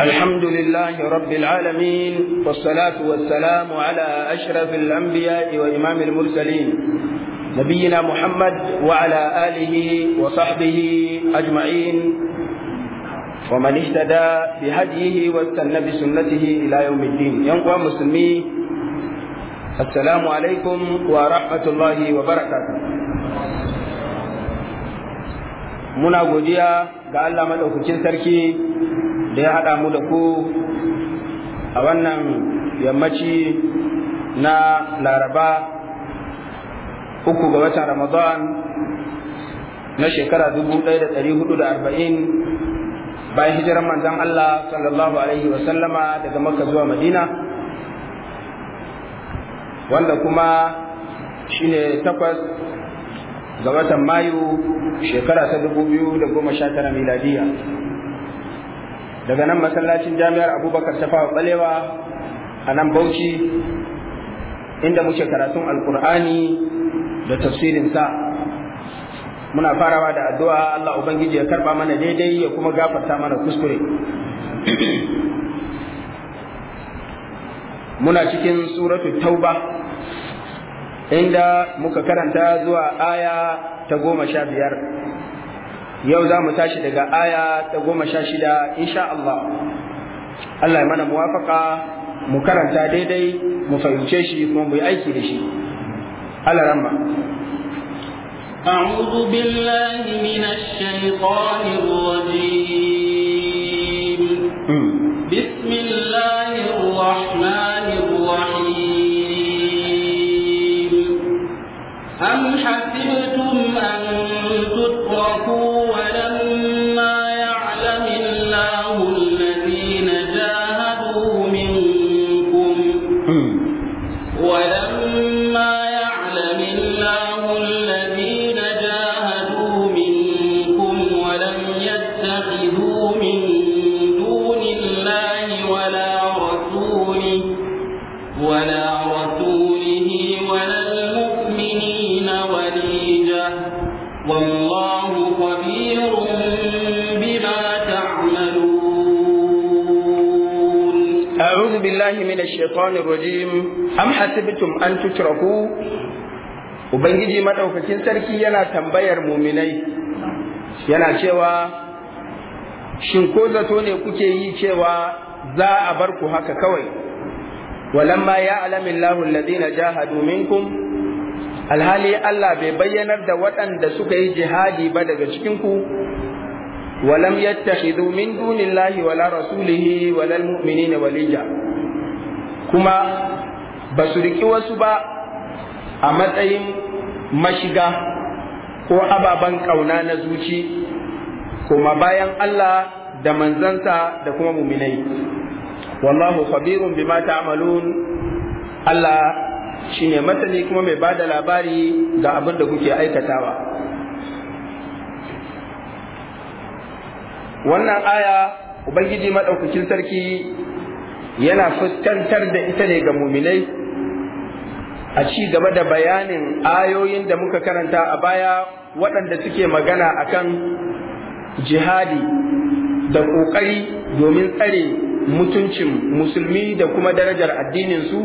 الحمد لله رب العالمين والصلاة والسلام على أشرف الأنبياء وإمام المرسلين نبينا محمد وعلى آله وصحبه أجمعين ومن اهتدى بهديه واستنى بسنته إلى يوم الدين ينقوى مسلمي السلام عليكم ورحمة الله وبركاته muna godiya ga Allah madaukakin sarki da ya haɗa mu da ku a wannan yammaci na laraba uku ga watan ramadan na shekara 1440 bayan hijirar manzan Allah sallallahu alaihi wasallama daga makka zuwa madina wanda kuma shi ne takwas ga watan mayu shekara ta 2019 miladiya daga nan masallacin jami'ar abubakar ta fawa balewa a nan bauchi inda muke karatun alkur'ani da tafsirinsa muna farawa da addu'a Allah Ubangiji ya karba mana daidai ya kuma gafarta mana kuskure muna cikin suratu tauba inda muka karanta zuwa aya ta goma sha biyar yau za mu tashi daga aya ta goma sha shida insha Allah Allah ya mana muwafaka mu karanta daidai mu fahimce shi kuma mu yi aiki da shi Allah ramba. أعوذ بالله من الشيطان الرجيم بسم الله الرحمن الشيطان الرجيم أم حسبتم أن تتركوا Ubangiji maɗaukakin sarki yana tambayar muminai yana cewa shin ko zato ne kuke yi cewa za a bar ku haka kawai walamma ya alamin lahun ladina jahadu minkum alhali Allah bai bayyanar da waɗanda suka yi jihadi ba daga cikinku walam yattakhidhu min dunillahi wala rasulihi wala almu'minina walija kuma ba su riƙi wasu ba a matsayin mashiga ko ababen ƙauna na zuci kuma bayan Allah da manzansa da kuma muminai wallahu khabirun bima ta'malun Allah shine masani kuma mai ba da labari ga abin da kuke aikatawa wannan aya ubangiji maɗaukakin sarki yana fuskantar da ita ne ga muminai a ci gaba da bayanin ayoyin da muka karanta a baya waɗanda suke magana a kan jihadi da ƙoƙari domin tsare mutuncin musulmi da kuma darajar addininsu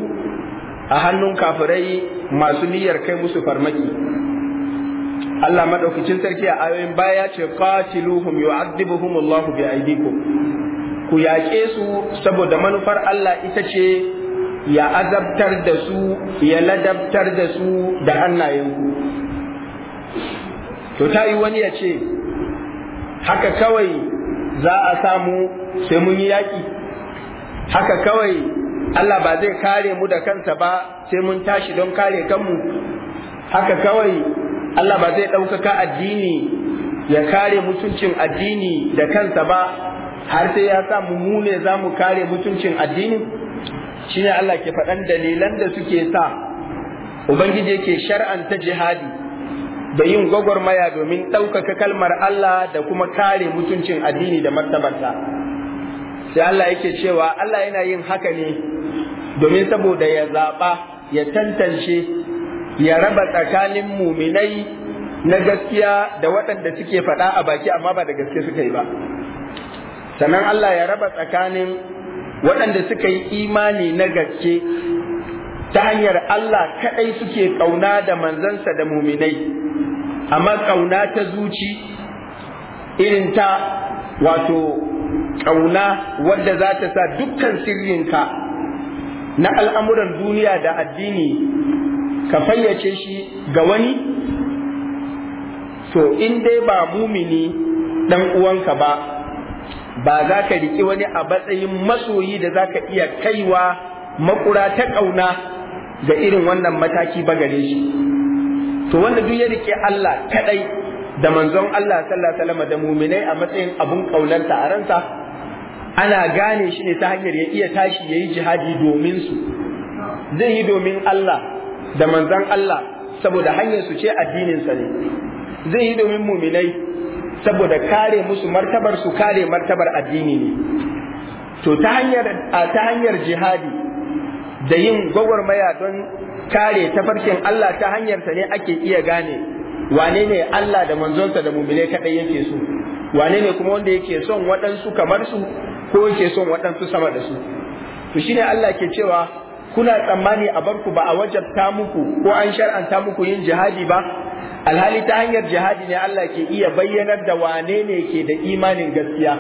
a hannun kafirai masu niyyar kai musu farmaki Allah maɗaukacin sarki a ayoyin baya ce qatiluhum yu'adhibuhum Allahu bi aydikum ku yaƙe su saboda manufar Allah ita ce ya azabtar da su ya ladabtar da su da hannayenku to ta yi wani ya ce haka kawai za a samu sai mun yi yaƙi haka kawai Allah ba zai kare mu da kansa ba sai mun tashi don kare kanmu haka kawai Allah ba zai ɗaukaka addini ya kare mutuncin addini da kansa ba har sai ya sa mu ne za mu kare mutuncin addini Shi ne Allah ke faɗan dalilan da suke sa ubangiji yake shar'anta jihadi da yin gwagwarmaya domin ɗaukaka kalmar Allah da kuma kare mutuncin addini da martabarta sai Allah yake cewa Allah yana yin haka ne domin saboda ya zaɓa ya tantance ya raba tsakanin muminai na gaskiya da waɗanda suke faɗa a baki amma ba da gaske suka yi ba sannan Allah ya raba tsakanin waɗanda suka yi imani na gaske ta hanyar Allah kaɗai suke ƙauna da manzansa da muminai amma ƙauna ta zuci irin ta wato ƙauna wadda za ta sa dukkan sirrinka na al'amuran duniya da addini ka fayyace shi ga wani to in dai ba mumini ɗan uwanka ba ba za ka riƙi wani a matsayin masoyi da za ka iya kaiwa makura ta ƙauna ga irin wannan mataki ba gare shi to wanda duk ya riƙe Allah kaɗai da manzon Allah sallallahu alaihi da muminai a matsayin abun ƙaunarta a ransa ana gane shi ne ta hanyar ya iya tashi yayi jihadi domin su zai yi domin Allah da manzon Allah saboda hanyar su ce addininsa ne zai yi domin muminai saboda kare musu martabar su kare martabar addini ne to ta hanyar ta hanyar jihadi da yin gwagwarmaya don kare tafarkin Allah ta hanyar ta ne ake iya gane wane ne Allah da manzonsa da mumine kadai yake so wane ne kuma wanda yake son waɗansu kamar su ko yake son waɗansu sama da su to shine Allah ke cewa kuna tsammani a barku ba a wajabta muku ko an shar'anta muku yin jihadi ba alhali ta hanyar jihadi ne Allah ke iya bayyanar da wane ne ke da imanin gaskiya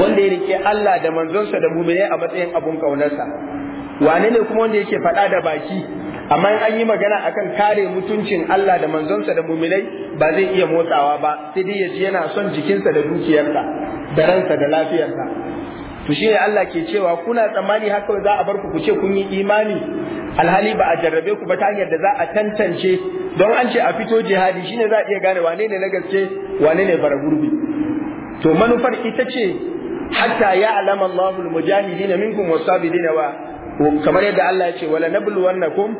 wanda ya rike Allah da manzonsa da muminai a matsayin abun kaunarsa wane ne kuma wanda yake faɗa da baki amma in an yi magana akan kare mutuncin Allah da manzonsa da muminai ba zai iya motsawa ba sai dai ya ji yana son jikinsa da dukiyarsa da ransa da lafiyarsa to shine Allah ke cewa kuna tsammani haka za a bar ku ku ce kun yi imani alhali ba a jarrabe ku ba ta hanyar da za a tantance don an ce a fito jihadi shine za a iya gane wane ne na gaske wane ne bara gurbi to manufar ita ce hatta ya alama Allahul mujahidin minkum wasabidin wa kamar yadda Allah ya ce wala nabluwannakum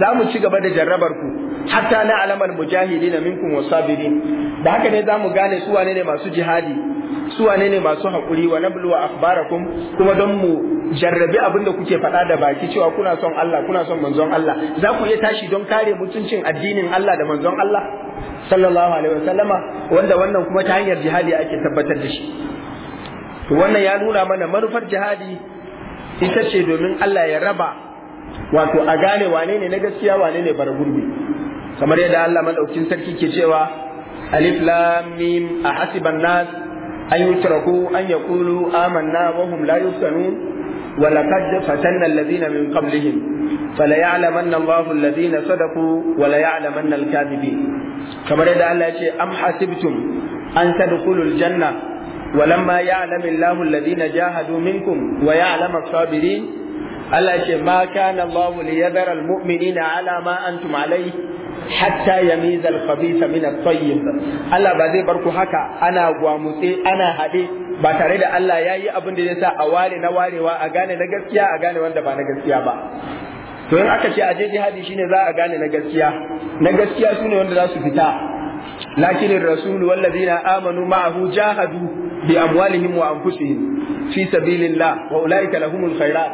zamu ci gaba da jarrabar ku hatta na alamal mujahidin minkum wasabirin da haka ne zamu gane su wane ne masu jihadi su wane ne masu hakuri wa nabluwa akhbarakum kuma don mu jarrabi abin da kuke faɗa da baki cewa kuna son Allah kuna son manzon Allah za ku iya tashi don kare mutuncin addinin Allah da manzon Allah sallallahu alaihi wasallama wanda wannan kuma ta hanyar jihadi ake tabbatar da shi wannan ya nuna mana manufar jihadi ita ce domin Allah ya raba wato a gane wane na gaskiya wanene ne gurbi kamar yadda Allah maɗaukin sarki ke cewa alif lam a hasiban nas an yutraku an yaqulu amanna wa hum la yuftanun wa laqad fatanna alladhina min qablihim fala ya'lamanna Allahu alladhina sadaqu wa la ya'lamanna al-kadhibin kamar yadda Allah ce am hasibtum an tadkhulul janna walamma ya'lamu Allahu alladhina jahadu minkum wa ya'lamu as-sabirin Allah ce ma na Allahu liyadara al-mu'minina ala ma antum alayhi hatta yamiza al-khabitha min at-tayyib Allah ba zai bar haka ana gwamutse ana haɗe. ba tare da Allah yayi abin da zai sa a ware na warewa a gane na gaskiya a gane wanda ba na gaskiya ba to in aka ce a aje jihadi shine za a gane na gaskiya na gaskiya sune wanda za su fita lakin rasulu wallazina amanu ma'ahu jahadu bi amwalihim wa anfusihim fi sabilillah wa ulaika lahumul khairat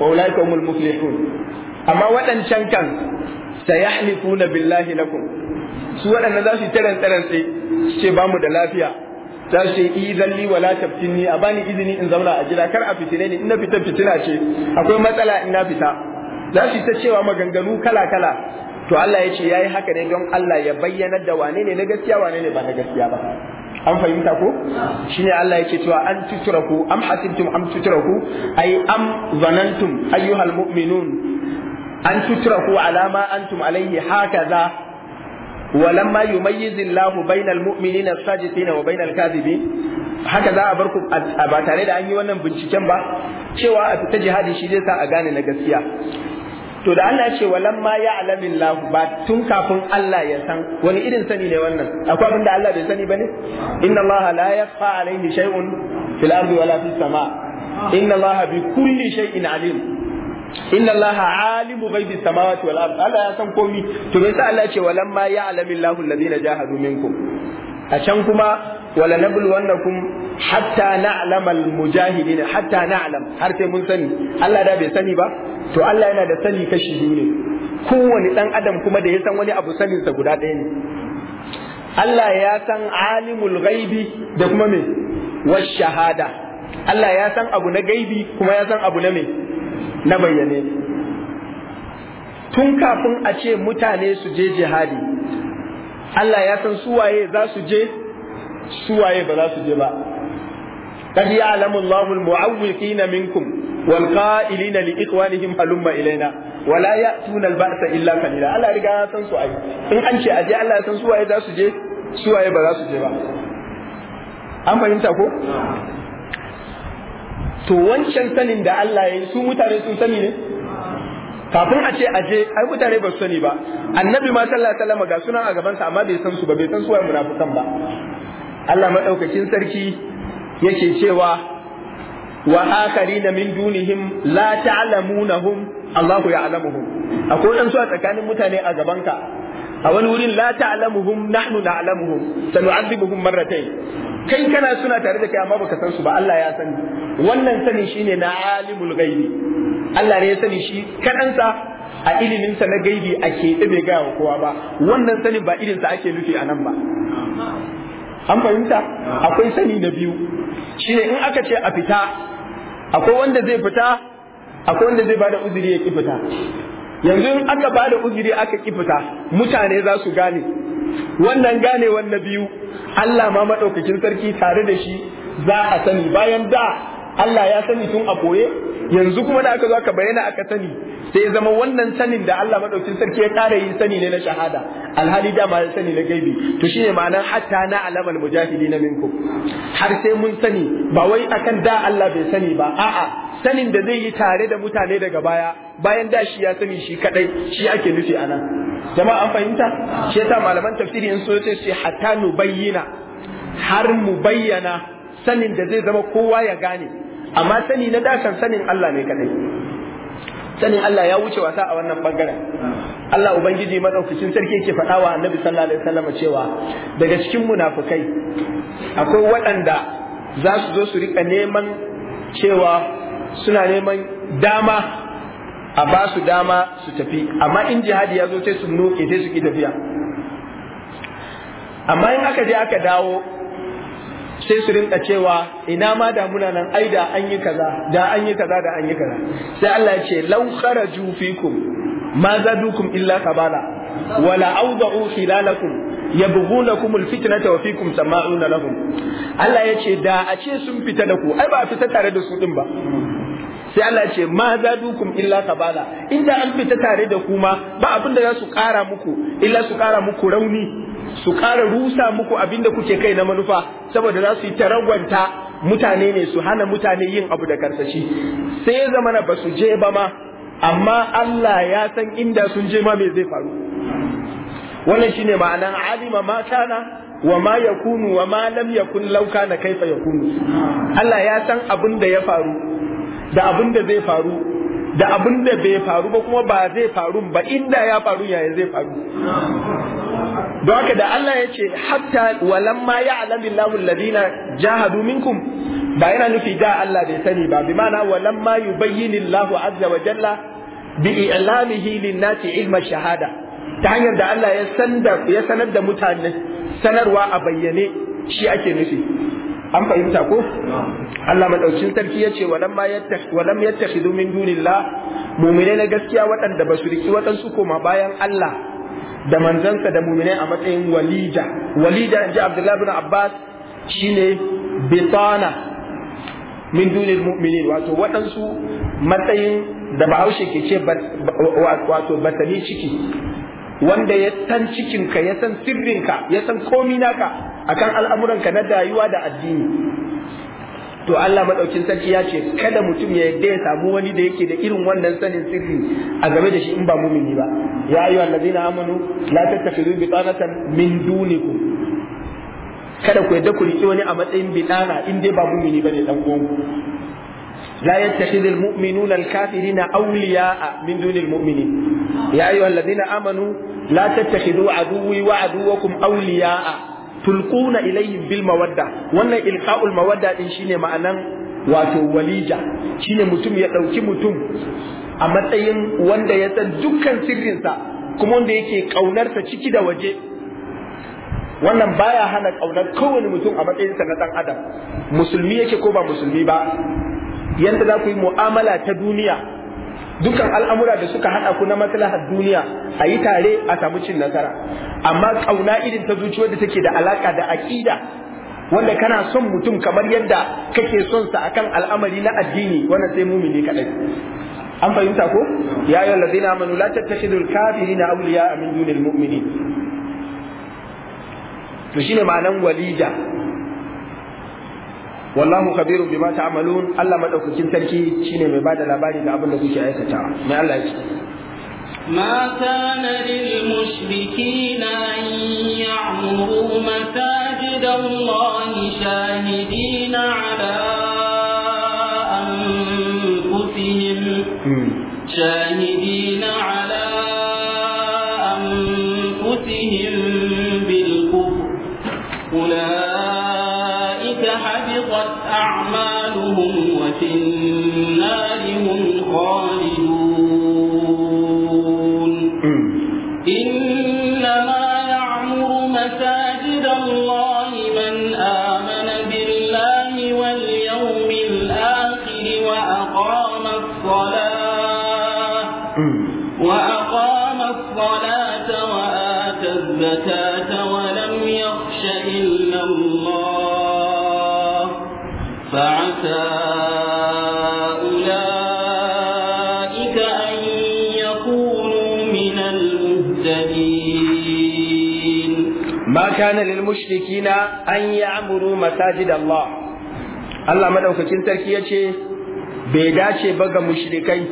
wa ulaika humul muflihun amma waɗancan kan sayahlifuna billahi lakum su waɗannan za su taran taran sai su ce bamu da lafiya za su ce idan wala taftinni a bani izini in zauna a gida kar a fitine ni in na fita fitina ce akwai matsala in na fita za su ta cewa maganganu kala kala to Allah ya ce yayi haka ne don Allah ya bayyana da wane ne na gaskiya wane ne ba na gaskiya ba an fahimta ko shine Allah yake cewa an tutraku am hasibtum am tutraku ay am zanantum ayyuhal mu'minun an tutraku ala ma antum alayhi hakaza ولما يميز الله بين المؤمنين الصادقين وبين الكاذبين haka za a bar ku ba tare da an yi wannan binciken ba cewa a fita jihadi shi zai sa a gane na gaskiya to da Allah ya ma ya alamin lahu ba tun kafin Allah ya san wani irin sani ne wannan akwai abin da Allah bai sani bane inna Allah la yakhfa alayhi shay'un fil ardi wala fis sama inna Allah bi kulli shay'in alim inna Allah alimu ghaibi samawati wal ardi Allah ya san komai to me yasa Allah ce ya ce walamma ya'lamin lahu alladhina jahadu minkum a can kuma wala nabluwannakum hatta na'lamal mujahidin hatta na'lam har sai mun sani Allah da bai sani ba to Allah yana da sani kashi biyu ne kowane ɗan adam kuma da ya san wani abu saninsa guda ɗaya ne Allah ya san alimul gaibi da kuma me was shahada Allah ya san abu na gaibi kuma ya san abu na me na bayyane tun kafin a ce mutane su je jihadi Allah ya san suwaye za su je suwaye ba za su je ba قد يعلم الله والقائلين لإخوانهم هلما إلينا ولا يأتون البأس إلا قليلا الله رجع سنسو أي إن أنشي أجي الله سنسو أي waye ba za أي je ba. با أما ko to wancan sanin da Allah ya yi su mutane sun sani ne kafin a ce aje ai mutane ba su sani ba annabi ma sallallahu alaihi wasallam ga sunan a gaban sa amma bai san su ba bai san su waye munafikan ba Allah madaukakin sarki yake cewa wa akharina min dunihim la ta'lamunahum Allahu ya'lamuhum akwai dan a tsakanin mutane a gaban a wani wurin la ta'lamuhum nahnu na'lamuhum sanu'adhibuhum marratayn kai kana suna tare da kai amma baka san su ba Allah ya sani wannan sani shine na alimul Allah ne ya sani shi kaɗansa a iliminsa na gaibi a keɓe bai gaya wa kowa ba wannan sani ba irinsa ake nufi a nan ba an fahimta akwai sani na biyu shine in aka ce a fita akwai wanda zai fita akwai wanda zai bada uzuri ya ki fita yanzu in aka bada uzuri aka ki fita mutane za su gane wannan gane na biyu Allah ma madaukakin sarki tare da shi za a sani bayan da Allah ya sani tun a koye yanzu kuma da aka zo aka bayyana aka sani sai ya zama wannan sanin da Allah madaukin sarki ya kare yin sani ne na shahada alhali da ya sani na gaibi to shine ma'anar hatta na alamal mujahidina minkum har sai mun sani ba wai akan da Allah bai sani ba a'a sanin da zai yi tare da mutane daga baya bayan da shi ya sani shi kadai shi ake nufi anan jama'a an fahimta shi yasa malaman tafsiri in so sai hatta nu bayyana har mu bayyana sanin da zai zama kowa ya gane amma sani na dashan sanin Allah ne kadai sanin Allah ya wuce wasa a wannan bangaren Allah ubangiji madaukakin sarki yake faɗa wa Annabi sallallahu alaihi wasallam cewa daga cikin munafukai akwai waɗanda za su zo su rika neman cewa suna neman dama a ba su dama su tafi amma in jihadi ya zo sai su nuke sai su ki tafiya amma in aka je aka dawo sai su rinka cewa ina ma da muna nan ai da an yi kaza da an yi kaza da an yi kaza sai Allah ya ce law kharaju fikum ma zadukum illa kabala wala awda'u khilalakum yabghunakum alfitnata wa fikum sama'una lahum Allah ya ce da a ce sun fita da ku ai ba a fita tare da su din ba sai Allah ce ma zadukum illa kabala inda an fita tare da ku ma ba abin da za su kara muku illa su kara muku rauni su ƙara rusa muku abinda kuke kai na manufa saboda za su yi taragwanta mutane ne su hana mutane yin abu da karsashi sai ya zamana ba su je ba ma amma Allah ya san inda sun je ma me zai faru wannan shine ma'anan alima ma kana wa ma yakunu wa ma lam yakun law kana kaifa yakunu Allah ya san abin da ya faru da abin da zai faru da abin da bai faru ba kuma ba zai faru ba inda ya faru yaya zai faru don haka da Allah ya ce hatta walamma ya alamillahu alladhina jahadu minkum ba yana nufi da Allah bai sani ba bi ma'ana walamma yubayyinillahu azza wa jalla bi i'lamihi lin-nasi ilma shahada ta hanyar da Allah ya sanda ya sanar da mutane sanarwa a bayyane shi ake nufi an fahimta ko Allah madaukin sarki ya ce walamma yattakhidhu walam yattakhidhu min dunillah mu'minai na gaskiya waɗanda ba su riki waɗansu koma bayan Allah da manzansa da muminai a matsayin walida walida in ji abdullahi bin abbas shine bitana min dunil mu'minin wato waɗansu matsayin da bahaushe ke ce wato batani ciki wanda ya san cikinka ya san sirrinka ya san komi naka akan al'amuranka na dayuwa da addini to Allah madaukin sarki ya ce kada mutum ya yadda ya samu wani da yake da irin wannan sanin sirri a game da shi in ba mumini ba ya ayyuha allazina amanu la tattakhidhu bitanatan min dunikum kada ku yadda ku riƙe wani a matsayin bidana in dai ba mumini bane dan uwanku لا يتخذ المؤمنون الكافرين أولياء من دون المؤمنين يا أيها الذين آمنوا لا تتخذوا عدوي وعدوكم أولياء tulquna ilaihin bil mawadda wannan ilqa'ul mawadda din shine ma'anan wato walija shine mutum ya ɗauki mutum a matsayin wanda ya san dukkan sirrinsa kuma wanda yake ƙaunarsa ciki da waje wannan baya hana ƙaunar kowane mutum a matsayin sa na ɗan adam musulmi yake ko ba musulmi ba yadda za ku yi mu'amala ta duniya dukkan al'amura da suka haɗa ku na maslahar duniya a yi tare a samu cin nasara amma ƙauna irin ta zuciya da take da alaƙa da aƙida wanda kana son mutum kamar yadda kake son sa akan al'amari na addini wannan sai mumini kadai an fahimta ko ya ayyuhal ladina amanu la tattakhidul kafirina awliya min dunil mu'minin to shine ma'anan walija wallahu khabirun bima ta'malun Allah madaukakin sarki shine mai bada labari ga abin da kuke aikata mai Allah ya ce ما كان للمشركين أن يعمروا مساجد الله شاهدين على من na ما كان للمشركين أن allah. Allah maɗaukacin sarki مدوكاكين تركيا bai dace ba ga mushrikai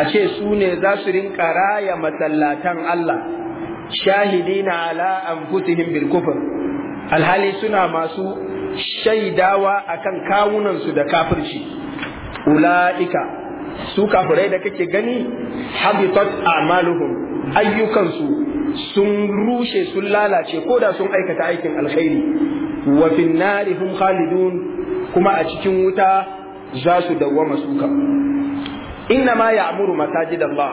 a ce su ne za su rinka raya masallatan Allah shahidina ala anfusihim bil kufr alhali suna masu shaidawa akan kawunansu da kafirci ula'ika su kafirai da kake gani habitat a'maluhum ayyukansu sun rushe sun lalace ko da sun aikata aikin alkhairi wa fin narihum khalidun kuma a cikin wuta za su dawwama su inna ma ya'muru masajidallah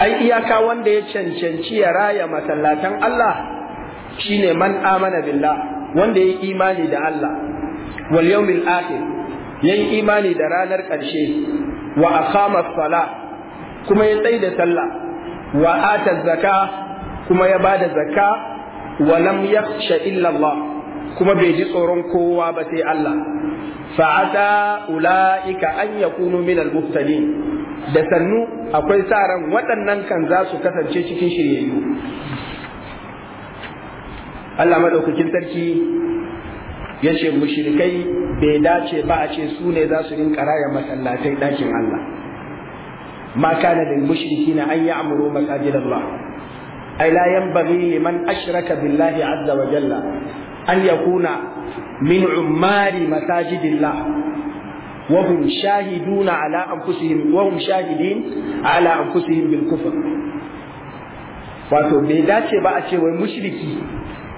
ai iyaka wanda ya cancanci ya raya masallatan Allah shine man amana billah wanda ya imani da Allah wal yawmil akhir yayi imani da ranar ƙarshe wa aqama sala kuma ya tsai da sallah wa ata zaka kuma ya bada zaka, wa lam yakhsha illa Allah kuma bai ji tsoron kowa ba sai Allah fa'ata ula'ika an yakunu min al-muhtadin da sannu akwai sa ran waɗannan kan za su kasance cikin shiryayyu Allah madaukakin sarki ya ce mushrikai bai dace ba a ce su ne za su rinka raya masallatai ɗakin Allah ma kana lil mushrikina an ya'muru masajid Allah ay la yanbaghi liman ashraka billahi azza wa jalla an yakuna min ummari masajidillah wa hum shahiduna ala anfusihim wa hum shahidin ala anfusihim bil kufr wato bai dace ba a ce wai mushriki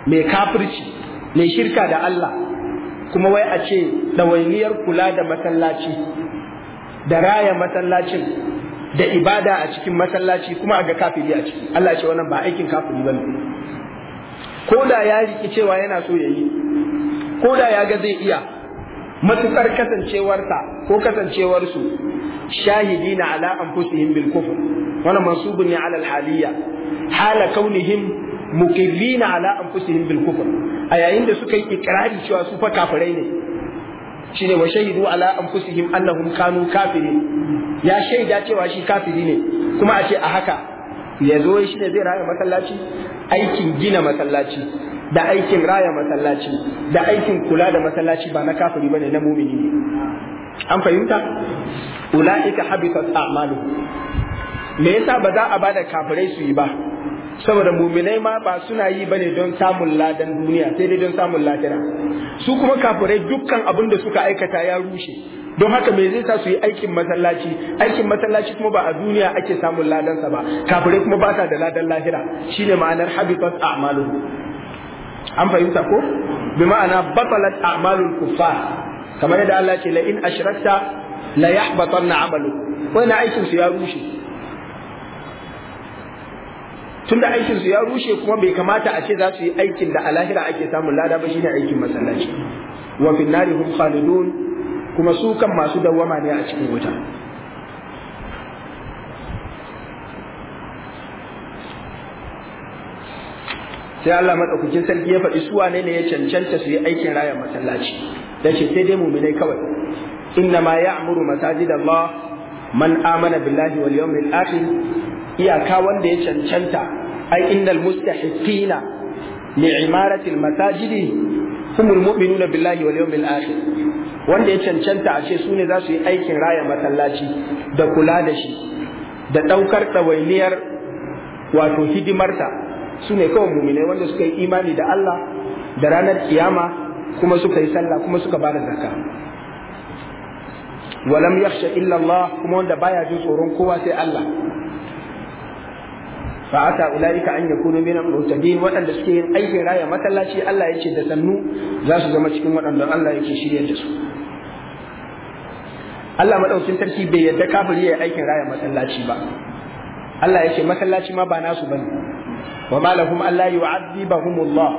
mai kafirci mai shirka da Allah kuma wai a ce ɗawainiyar kula da masallaci da raya masallacin da ibada a cikin masallaci kuma a ga kafiri a ciki Allah ce wannan ba aikin kafiri ne. ko da ya riki cewa yana so ya yi ko da ya ga zai iya matukar kasancewarsa ko kasancewarsu shahidina ala anfusihim bil Kufur wannan mansubun ne ala al haliya hala kaunihim mukillina ala anfusihim bil kufr a yayin da suka yi ikrari cewa su fa kafirai ne shine wa shahidu ala anfusihim annahum kanu kafirin ya shaida cewa shi kafiri ne kuma a ce a haka ya zo shi ne zai raya masallaci aikin gina masallaci da aikin raya masallaci da aikin kula da masallaci ba na kafiri bane na mumini ne an fahimta ulaika habitat a'malu me yasa ba za a bada kafirai su yi ba saboda muminai ma ba suna yi bane don samun ladan duniya sai dai don samun lahira su kuma kafirai dukkan abin da suka aikata ya rushe don haka me zai sa su yi aikin masallaci aikin masallaci kuma ba a duniya ake samun ladansa ba kafirai kuma ba sa da ladan lahira shine ma'anar habitat a'malu an fahimta ko bi ma'ana batalat a'malul kuffar kamar yadda Allah ce la in ashrakta la yahbatanna amalu wannan aikin su ya rushe tunda aikin su ya rushe kuma bai kamata a ce za su yi aikin da a lahira ake samun lada ba shine aikin masallaci wa fi nari hum khalidun kuma su kan masu dawwama ne a cikin wuta sai Allah madaukakin sarki ya faɗi su wane ne ya cancanta su yi aikin raya masallaci dace sai dai mu'minai kawai inna ma ya'muru masajidallah man amana billahi wal yawmil akhir iyaka wanda ya cancanta ai innal mustahiqina li imarati al masajidi humul mu'minuna billahi wal yawmil akhir wanda ya cancanta a ce sune za su yi aikin raya masallaci da kula da shi da daukar tsawainiyar wato hidimarta sune kawai mu'minai wanda suka yi imani da Allah da ranar kiyama kuma suka yi sallah kuma suka bada zakka walam yakhsha illa kuma wanda baya jin tsoron kowa sai Allah fa ata ulaika an yakunu min al-mutadin waɗanda suke yin aikin raya masallaci Allah ya ce da sannu za su zama cikin waɗanda Allah yake shirye da su Allah madaukin sarki bai yadda kafiri ya aikin raya masallaci ba Allah ya ce masallaci ma ba nasu bane wa ma lahum alla yu'adhibahum Allah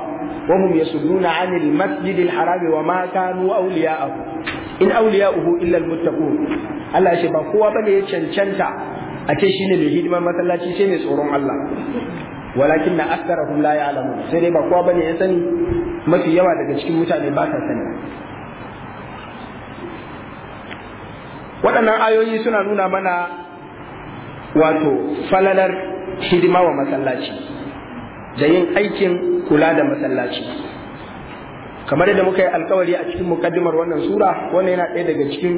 wa hum yasudduna 'anil masjidil harami wa ma kanu awliya'ahu in awliya'uhu illa al-muttaqun Allah ya ce ba kowa bane ya cancanta a ce ne mai hidimar masallaci sai mai tsoron Allah walakin na hula ya alamu sai dai ba kowa bane ya sani mafi yawa daga cikin mutane ba ta sani waɗannan ayoyi suna nuna mana wato falalar hidima wa masallaci da yin aikin kula da masallaci kamar yadda muka yi alkawari a cikin mukaddimar wannan sura wannan yana ɗaya daga cikin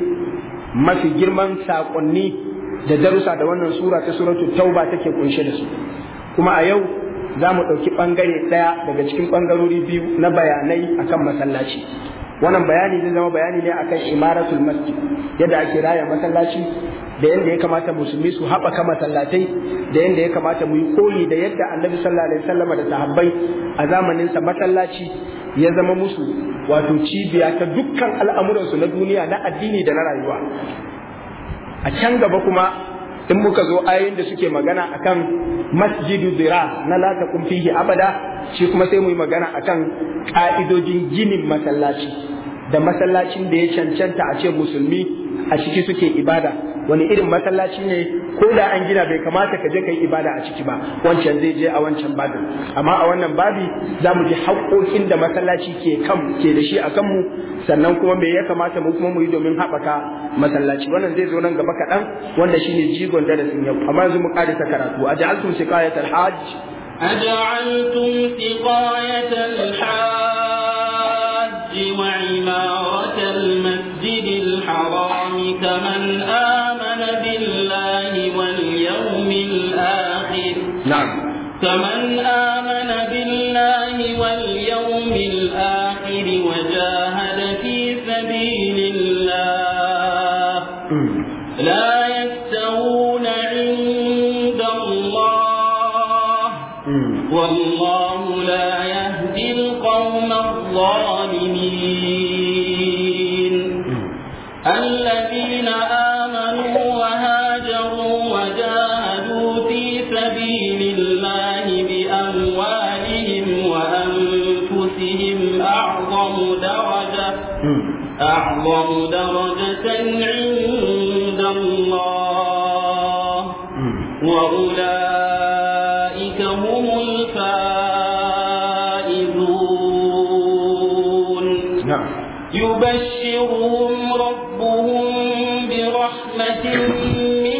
mafi girman saƙonni da darussa da wannan sura ta suratul tauba take kunshe da su kuma a yau za mu ɗauki ɓangare ɗaya daga cikin ɓangarori biyu na bayanai akan masallaci wannan bayani zai zama bayani ne akan imaratul masjid yadda ake raya masallaci da yadda ya kamata musulmi su haɓaka masallatai da yadda ya kamata mu yi koyi da yadda annabi sallallahu alaihi wasallam da sahabbai a zamaninsa masallaci ya zama musu wato cibiya ta dukkan al'amuransu na duniya na addini da na rayuwa a can gaba kuma in muka zo ayoyin da suke magana akan masjidu zira na la taqum fihi abada shi kuma sai mu yi magana akan ka'idojin ginin masallaci da masallacin da ya cancanta a ce musulmi a ciki suke ibada wani irin masallaci ne ko da an gina bai kamata ka je kai ibada a ciki ba wancan zai je a wancan babin amma a wannan babi za mu ji haƙoƙin da masallaci ke kan ke da shi a kanmu sannan kuma me ya kamata mu kuma mu yi domin haɓaka masallaci wannan zai zo nan gaba kaɗan wanda shine jigon darasin yau amma yanzu mu ƙarisa karatu a ja'altum siqayatal hajj أجعلتم سقاية الحاج نعم فمن آمن بالله واليوم أعظم درجة عند الله وأولئك هم الفائزون نعم. يبشرهم ربهم برحمة منه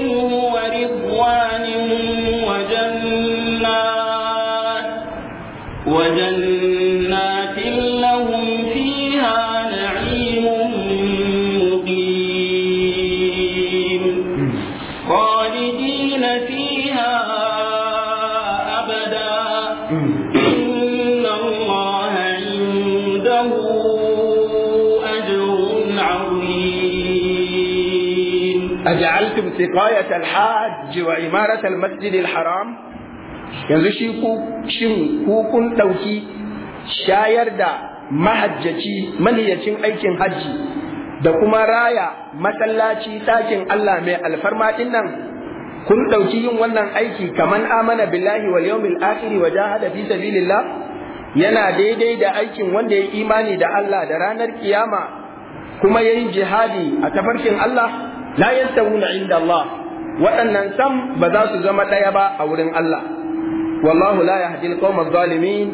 سقاية الحاج وعمارة المسجد الحرام yanzu shi ku shin ku kun ɗauki shayar da mahajjaci maniyacin aikin hajji da kuma raya masallaci ɗakin Allah mai alfarma ɗin nan kun ɗauki yin wannan aiki kamar amana billahi wal yawmil akhir wa jahada fi sabilillah yana daidai da aikin wanda ya imani da Allah da ranar kiyama kuma yayi jihadi a tafarkin Allah la yastawuna inda Allah waɗannan sam ba za su zama ɗaya ba a wurin Allah wallahu la yahdi al-qawma zalimin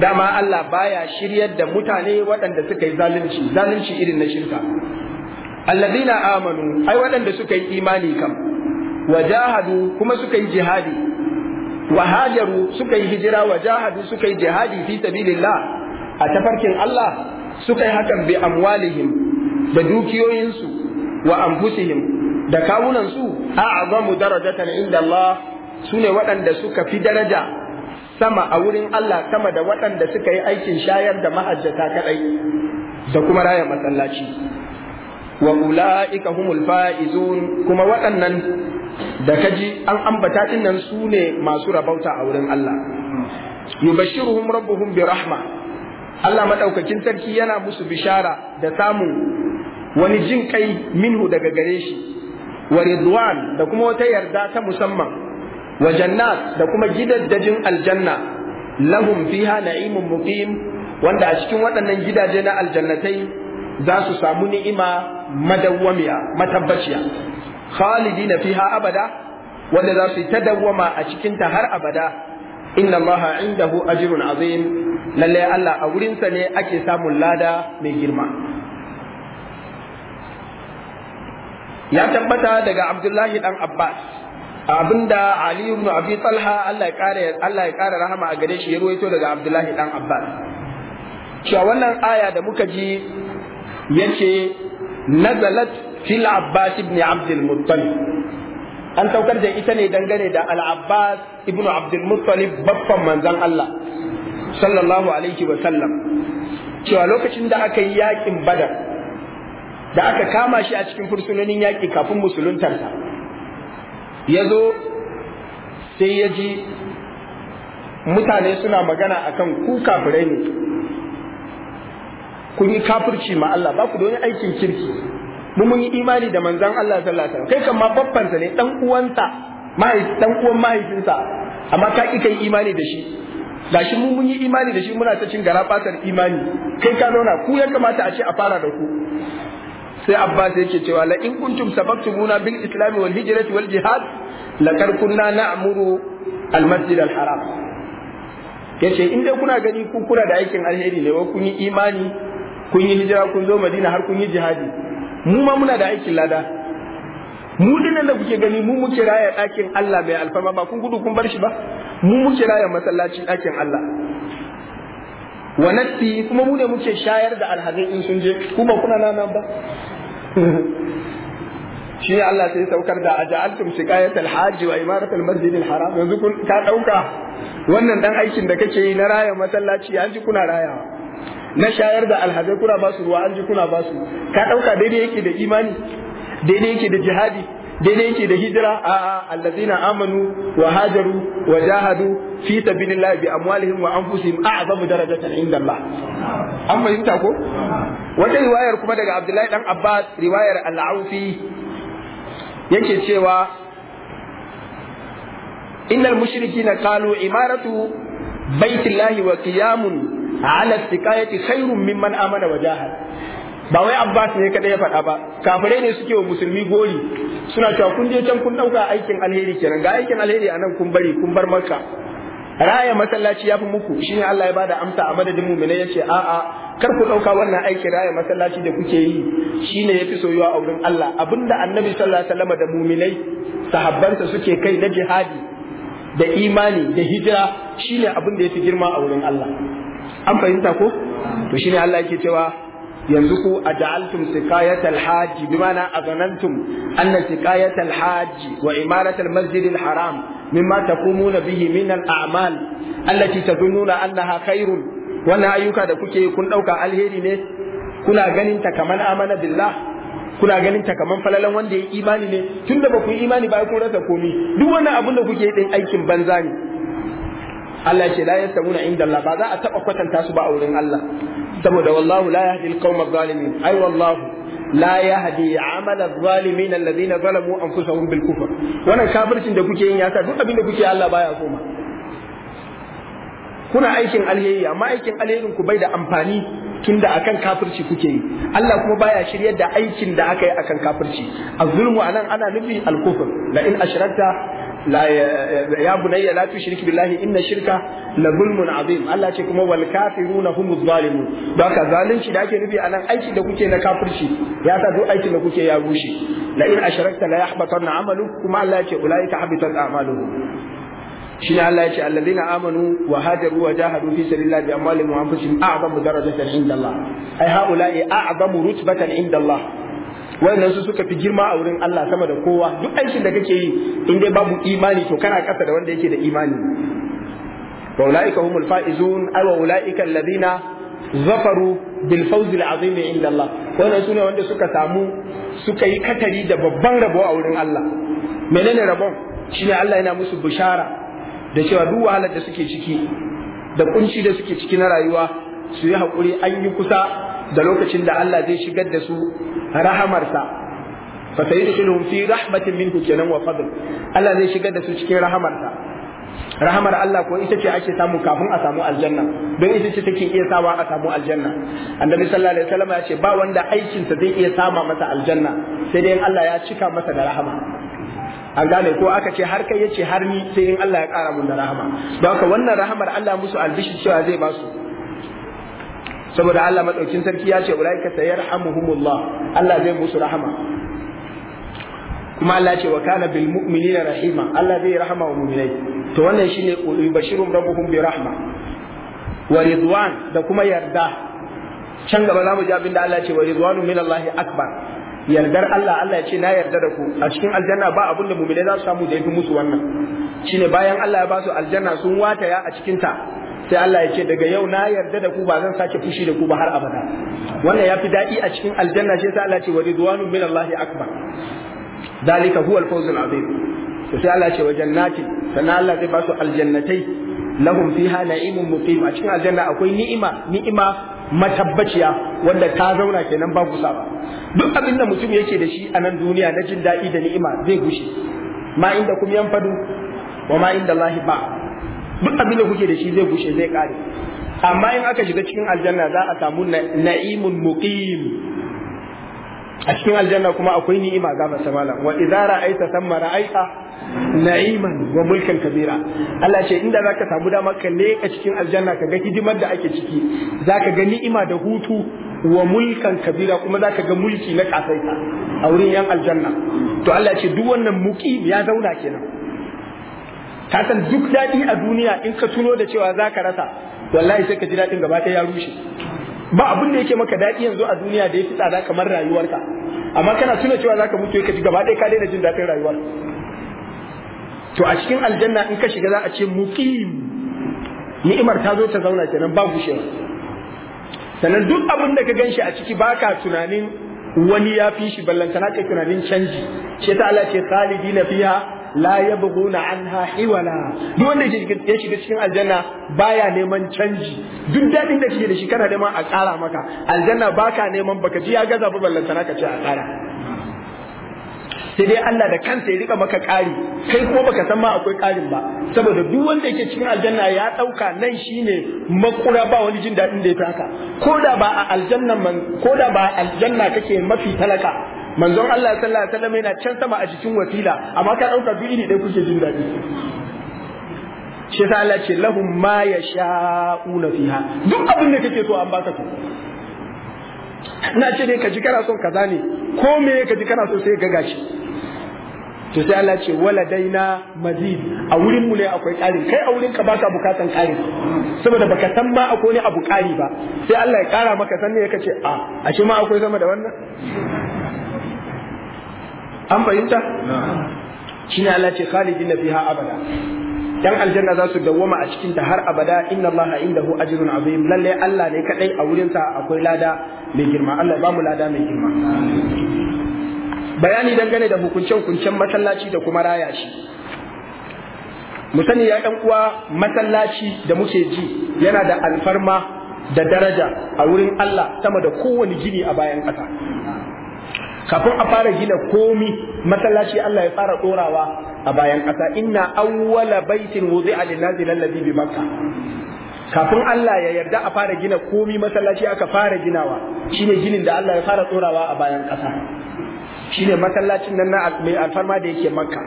dama Allah baya shiryar da mutane waɗanda suka yi zalunci zalunci irin na shirka alladhina amanu ai waɗanda suka yi imani kam wajahadu kuma suka yi jihadi wahajaru hajaru suka yi hijira wajahadu jahadu suka yi jihadi fi sabilillah a tafarkin Allah suka yi hakan bi amwalihim da dukiyoyinsu wa anfusihim da kawunan su A'a, a'zamu darajatan inda Allah sune waɗanda suka fi daraja sama a wurin Allah sama da waɗanda suka yi aikin shayar da mahajjata kaɗai, da kuma raya masallaci wa ula'ika humul fa'izun kuma waɗannan da kaji an ambata din nan su ne masu rabauta a wurin Allah Yuba shiru rabbuhum bi rahma Allah madaukakin sarki yana musu bishara da samun wani jin kai minhu daga gare shi wa ridwan da kuma wata yarda ta musamman wa jannat da kuma gidaddajin aljanna lahum fiha na'imun muqim wanda a cikin waɗannan gidaje na aljannatai za su samu ni'ima madawwamiya matabbaciya khalidina fiha abada wanda za su yi tadawwama a cikin ta har abada inna allaha indahu ajrun azim lalle Allah a wurinsa ne ake samun lada mai girma ya tabbata daga abdullahi dan abbas abinda ali ibn abi talha Allah ya kare Allah ya kare rahama a gare shi ya ruwaito daga abdullahi dan abbas cewa wannan aya da muka ji yace nazalat fil abbas ibn abd al-muttalib an saukar da ita ne dangane da al-abbas ibn abd al-muttalib babban manzon Allah sallallahu alaihi wa sallam cewa lokacin da aka yi yakin badar da aka kama shi a cikin fursunonin yaƙi kafin musuluntarsa ya zo sai ya ji mutane suna magana a kan ku kafirai ne kun yi kafirci ma Allah ba ku da wani aikin kirki mu mun yi imani da manzan Allah sallallahu alaihi kai kan ma babbansa ne dan uwansa dan uwan mahaifinsa amma ka ki kai imani da shi gashi mu mun yi imani da shi muna ta cin gara fatar imani kai ka nuna ku ya kamata a ce a fara da ku sai abbas yake cewa la in kuntum sabaqtumuna bil islam wal hijrat wal jihad laqad kunna na'muru al masjid al haram yace in dai kuna gani ku kula da aikin alheri ne wa kun yi imani kun yi hijira kun zo madina har kun yi jihadi mu ma muna da aikin lada mu dinan da kuke gani mu muke raya ɗakin Allah mai alfama ba kun gudu kun bar shi ba mu muke raya masallaci ɗakin Allah wa nafsi kuma mu ne muke shayar da alhazai in sun je kuma kuna nan ba shi ne Allah sai saukar da a ja'altum shiqayatal hajji wa imaratal masjidil haram yanzu kun ka dauka wannan dan aikin da kake yi na raya masallaci an ji kuna rayawa na shayar da alhazai kuna ba su ruwa an ji kuna ba su ka dauka daidai yake da imani daidai yake da jihadi daidai yake da hijira a a allazina amanu wa hajaru wa jahadu fi sabilillah bi amwalihim wa anfusihim a'zamu darajatan inda Allah an fahimta ko wata riwayar kuma daga Abdullahi dan Abbas riwayar Al-Aufi yake cewa innal mushrikina qalu imaratu baitillahi wa qiyamun ala istiqayati khairum mimman amana wa jahad ba wai Abbas ne kada ya faɗa ba kafirai ne suke wa musulmi gori suna cewa kun je can kun ɗauka aikin alheri kenan ga aikin alheri a nan kun bari kun bar makka raya masallaci ya fi muku shi ne Allah ya bada amsa a madadin ya ce a'a kar ku ɗauka wannan aiki raya masallaci da kuke yi shi shine yafi soyuwa a wurin Allah abinda annabi sallallahu alaihi wasallam da mu'minai sahabbansa suke kai na jihadi da imani da hijira shine abinda da yafi girma a wurin Allah an fahimta ko to shi ne Allah yake cewa yanzu ku a siqayat al haji. bimana azanantum anna siqayat al wa imarat al-masjid al-haram mimma taqumuna bihi min al-a'mal allati tadhunnuna annaha khairun wannan ayyuka da kuke kun dauka alheri ne kuna ganin ta kaman amana billah kuna ganin ta kaman falalan wanda ya imani ne tunda ba ku imani ba kun rasa komi duk wani abin da kuke yi din aikin banza ne Allah ce la yastawuna inda Allah ba za a taba kwatanta su ba a wurin Allah saboda wallahu la yahdi al-qawma adh-dhalimin ai wallahu la yahdi amala adh-dhalimin alladhina zalamu anfusahum bil kufr wannan kafircin da kuke yin ya sa duk abin da kuke Allah baya so kuna aikin alheri amma aikin alherin ku bai da amfani tunda akan kafirci kuke yi Allah kuma baya shiryar da aikin da aka yi akan kafirci az anan ana nufi al-kufr la in ashrakta la ya bunayya la tushrik billahi inna shirka la zulmun azim Allah ce kuma wal kafiruna humuz zalimun don haka zalunci da ake nufi a nan aiki da kuke na kafirci ya sa duk aikin da kuke ya rushe la in ashrakta la na amalu kuma Allah ya ce ulaika habitat a'maluhum shi ne Allah ya ce allazina amanu wa hajaru wa jahadu fi sabilillah bi amwalihim inda Allah inda Allah wannan su suka fi girma a wurin Allah sama da kowa duk aikin da kake yi in dai babu imani to kana kasa da wanda yake da imani wa ulaika humul faizun aw wa ulaika alladhina zafaru bil fawz al azim inda Allah wannan sune wanda suka samu suka yi katari da babban rabo a wurin Allah menene rabon shine Allah yana musu bishara da cewa duk wahalar da suke ciki da kunci da suke ciki na rayuwa su yi haƙuri an yi kusa da lokacin da Allah zai shigar da su rahamarsa fa sayadkhuluhum fi rahmatin minhu kenan wa fadl Allah zai shigar da su cikin rahamarsa rahamar Allah ko ita ce ake samu kafin a samu aljanna don ita ce take iya sawa a samu aljanna annabi sallallahu alaihi wasallam ya ce ba wanda aikinsa zai iya sama masa aljanna sai dai Allah ya cika masa da rahama an gane ko aka ce har kai yace har ni sai in Allah ya kara mun da rahama don haka wannan rahamar Allah musu albishi cewa zai ba su saboda Allah madaukin sarki ya ce ulaika sayarhamuhumullah Allah zai musu rahama kuma Allah ce wa kana bil mu'minina rahima Allah zai rahama wa mu'minai to wannan shine yubashirum rabbuhum bi rahma wa ridwan da kuma yarda can gaba zamu ji abin da Allah ce wa ridwanu min Allah akbar yardar Allah Allah ya ce na yarda da ku a cikin aljanna ba abin da mu'minai za su samu da yafi musu wannan shine bayan Allah ya ba su aljanna sun wataya a cikin ta sai Allah ya ce daga yau na yarda da ku ba zan sake fushi da ku ba har abada wannan fi daɗi a cikin aljanna sai sai Allah ce wa ridwanu min Allah akbar dalika huwa al-fawzul azim to sai Allah ce wa jannatin sannan Allah zai ba su aljannatai lahum fiha na'imun muqim a cikin aljanna akwai ni'ima ni'ima matabbaciya wanda ta zauna kenan babu saba duk abin da mutum yake da shi a nan duniya na jin daɗi da ni'ima zai gushe ma inda yan yanfadu wa ma inda Allah ba duk abin da kuke da shi zai bushe zai kare amma in aka shiga cikin aljanna za a samu na'imun muqim a cikin aljanna kuma akwai ni'ima ga masamala wa idza ra'aita thamma ra'aita na'iman wa mulkan kabira Allah ce inda zaka samu dama ka leka cikin aljanna ka ga hidimar da ake ciki zaka ga ni'ima da hutu wa mulkan kabira kuma zaka ga mulki na kasaita a wurin yan aljanna to Allah ce duk wannan muqim ya zauna kenan ka san duk daɗi a duniya in ka tuno da cewa za ka rasa wallahi sai ka ji daɗin gaba ta ya rushe ba abin da yake maka daɗi yanzu a duniya da ya fi tsada kamar rayuwarka amma kana tuna cewa za ka mutu ka ji gaba ɗaya ka daina jin daɗin rayuwar to a cikin aljanna in ka shiga za a ce muqim ni'imar ta zo ta zauna kenan ba gushe sannan duk abun da ka ganshi a ciki baka tunanin wani ya fi shi ballantana kai tunanin canji ce ta Allah ce khalidina fiha la yabghuna anha hiwala duk wanda ya shiga cikin aljanna baya neman canji duk dadin da kike da shi kana neman a ƙara maka aljanna baka neman baka ji ya gaza ba ballantana ka ce a ƙara sai dai Allah da kansa ya rika maka ƙari kai kuma baka san ma akwai ƙarin ba saboda duk wanda yake cikin aljanna ya ɗauka nan shine makura ba wani jin daɗin da ya fi haka ko da ba a aljanna man ko ba aljanna kake mafi talaka manzon Allah sallallahu alaihi wasallam yana can sama a jikin wasila amma ka dauka duk iri dai kuke jin dadi shi yasa Allah ce lahum ma yasha'una fiha duk abin da kake so an baka to ina ce dai, ka ji kana son kaza ne ko me ka ji kana so sai ga gashi to sai Allah ce wala daina mazid a wurin mu ne akwai ƙarin kai a wurin ka baka bukatan ƙarin saboda baka san ma akwai ne abu ƙari ba sai Allah ya ƙara maka sanne ya kace a ah, ashe ma akwai sama da wannan an fahimta shine Allah ce khalidina fiha abada yan aljanna za su dawwama a cikin ta har abada inna allaha indahu ajrun azim lalle Allah ne kadai a wurin sa akwai lada mai girma Allah ba mu lada mai girma bayani dangane da hukuncen hukuncen masallaci da kuma raya shi mu sani ya dan uwa masallaci da muke ji yana da alfarma da daraja a wurin Allah sama da kowane gini a bayan ƙasa kafin a fara gina komi masallaci Allah ya fara tsorawa a bayan ƙasa inna awwala baitin wuzi a nasi lallazi bi makka kafin Allah ya yarda a fara gina komi masallaci aka fara ginawa shine ginin da Allah ya fara tsorawa a bayan ƙasa shine masallacin nan na mai alfarma da yake maka.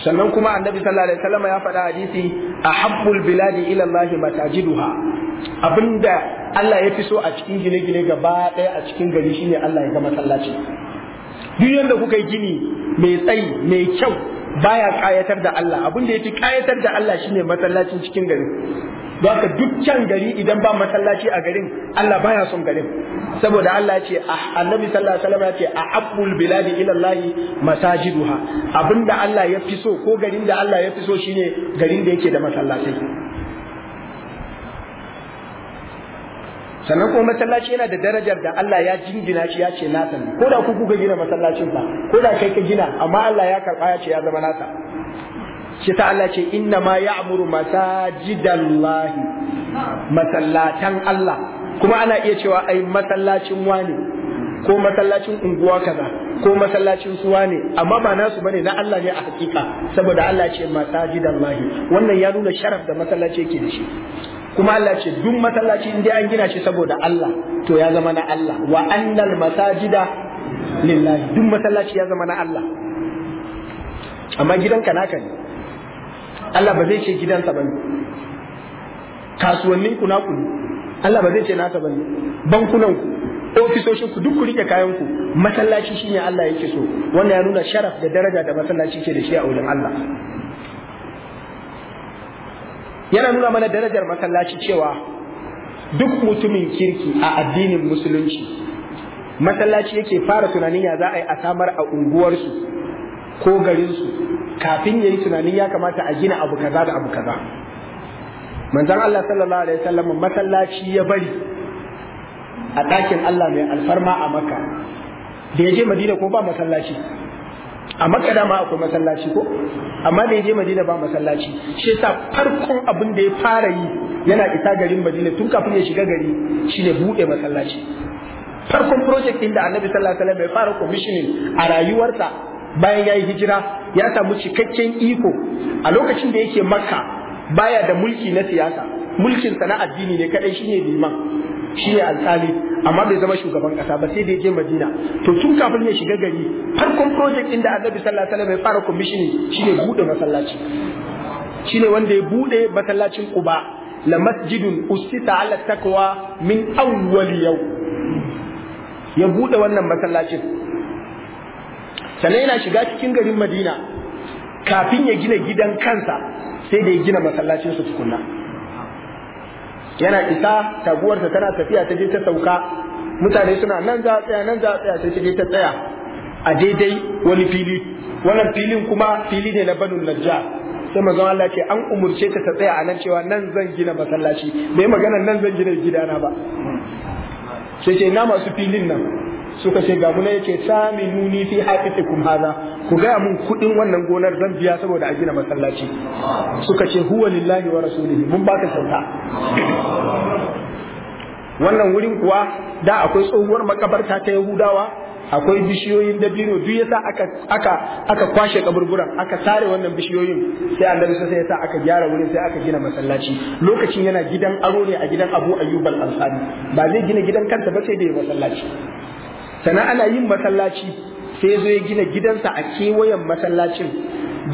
sannan kuma annabi sallallahu alaihi wasallam ya faɗa hadisi ahabbul biladi ila Allah matajiduha abinda Allah ya fi so a cikin gine-gine gaba ɗaya a cikin gari shine Allah ya ga masallaci duk yadda kuka yi gini mai tsayi mai kyau baya kayatar da Allah abin da yafi kayatar da Allah shine masallacin cikin gari don haka duk can gari idan ba masallaci a garin Allah baya son garin saboda Allah ya ce annabi sallallahu alaihi wasallam ya ce a abul biladi ila Allah masajiduha abinda Allah ya fi so ko garin da Allah ya fi so shine garin da yake da masallatai sannan kuma masallaci yana da darajar da Allah ya jingina shi ya ce nasa ne ko da ku kuka gina masallacin ba ko da kai ka gina amma Allah ya karba ya ce ya zama nasa shi ta Allah ce inna ma ya'muru masajidallahi masallatan Allah kuma ana iya cewa ai masallacin wani ko masallacin unguwa kaza ko masallacin suwa ne amma ba nasu bane na Allah ne a hakika saboda Allah ce masajidallahi wannan ya nuna sharaf da masallaci yake da shi kuma Allah ce duk masallaci in dai an gina shi saboda Allah to ya zama na Allah wa annal masajida lillahi duk masallaci ya zama na Allah amma gidanka naka ne Allah ba zai ce gidansa bane kasuwannin ku naku ne Allah ba zai ce naka bane bankunan ku ofisoshin ku duk ku rike kayan ku masallaci shine Allah yake so wannan ya nuna sharaf da daraja da masallaci ke da shi a wurin Allah yana nuna mana darajar masallaci cewa duk mutumin kirki a addinin musulunci masallaci yake fara tunanin ya za a yi a samar a unguwarsu ko garinsu kafin ya yi tunanin ya kamata a gina abu kaza da abu kaza manzon Allah sallallahu alaihi wasallam masallaci ya bari a ɗakin Allah mai alfarma a Makka da ya je Madina ko ba masallaci a makada ma akwai masallaci ko amma da ya je madina ba masallaci shi yasa farkon abin da ya fara yi yana isa garin madina tun kafin ya shiga gari shine bude masallaci farkon project din da annabi sallallahu alaihi wasallam ya fara commissioning a rayuwarsa bayan ya yi hijira ya samu cikakken iko a lokacin da yake makka baya da mulki na siyasa mulkin sana'a addini ne kadai shine liman shi ne alƙali amma bai zama shugaban ƙasa ba sai da je Madina to tun kafin ya shiga gari farkon project inda da Annabi sallallahu alaihi wasallam ya fara shi shine bude masallaci Shi ne wanda ya buɗe masallacin uba la masjidun usita ala taqwa min awwal yau ya buɗe wannan masallacin sannan yana shiga cikin garin Madina kafin ya gina gidan kansa sai da ya gina masallacin su tukunna yana isa taguwarsa tana tafiya ta je ta sauka mutane suna nan za a tsaya nan za a tsaya sai ta ta tsaya a daidai wani fili wannan filin kuma fili ne na banun najja sai manzon Allah ce an umurce ta ta tsaya a nan cewa nan zan gina masallaci bai magana nan zan gina gidana ba sai ce ina masu filin nan suka ce ga muna yace sami nuni fi kuma haza, ku gaya mun kuɗin wannan gonar zan biya saboda a gina masallaci suka ce huwa lillahi wa rasulihi mun baka kyauta wannan wurin kuwa da akwai tsohuwar makabarta ta Yahudawa akwai bishiyoyin dabino duk yasa aka aka aka kwashe kaburburan aka sare wannan bishiyoyin sai annabi sai sa aka gyara wurin sai aka gina masallaci lokacin yana gidan aro ne a gidan Abu ayyubal al-Ansari ba zai gina gidan kansa ba sai da ya masallaci sannan ana yin masallaci sai zo ya gina gidansa a kewayen masallacin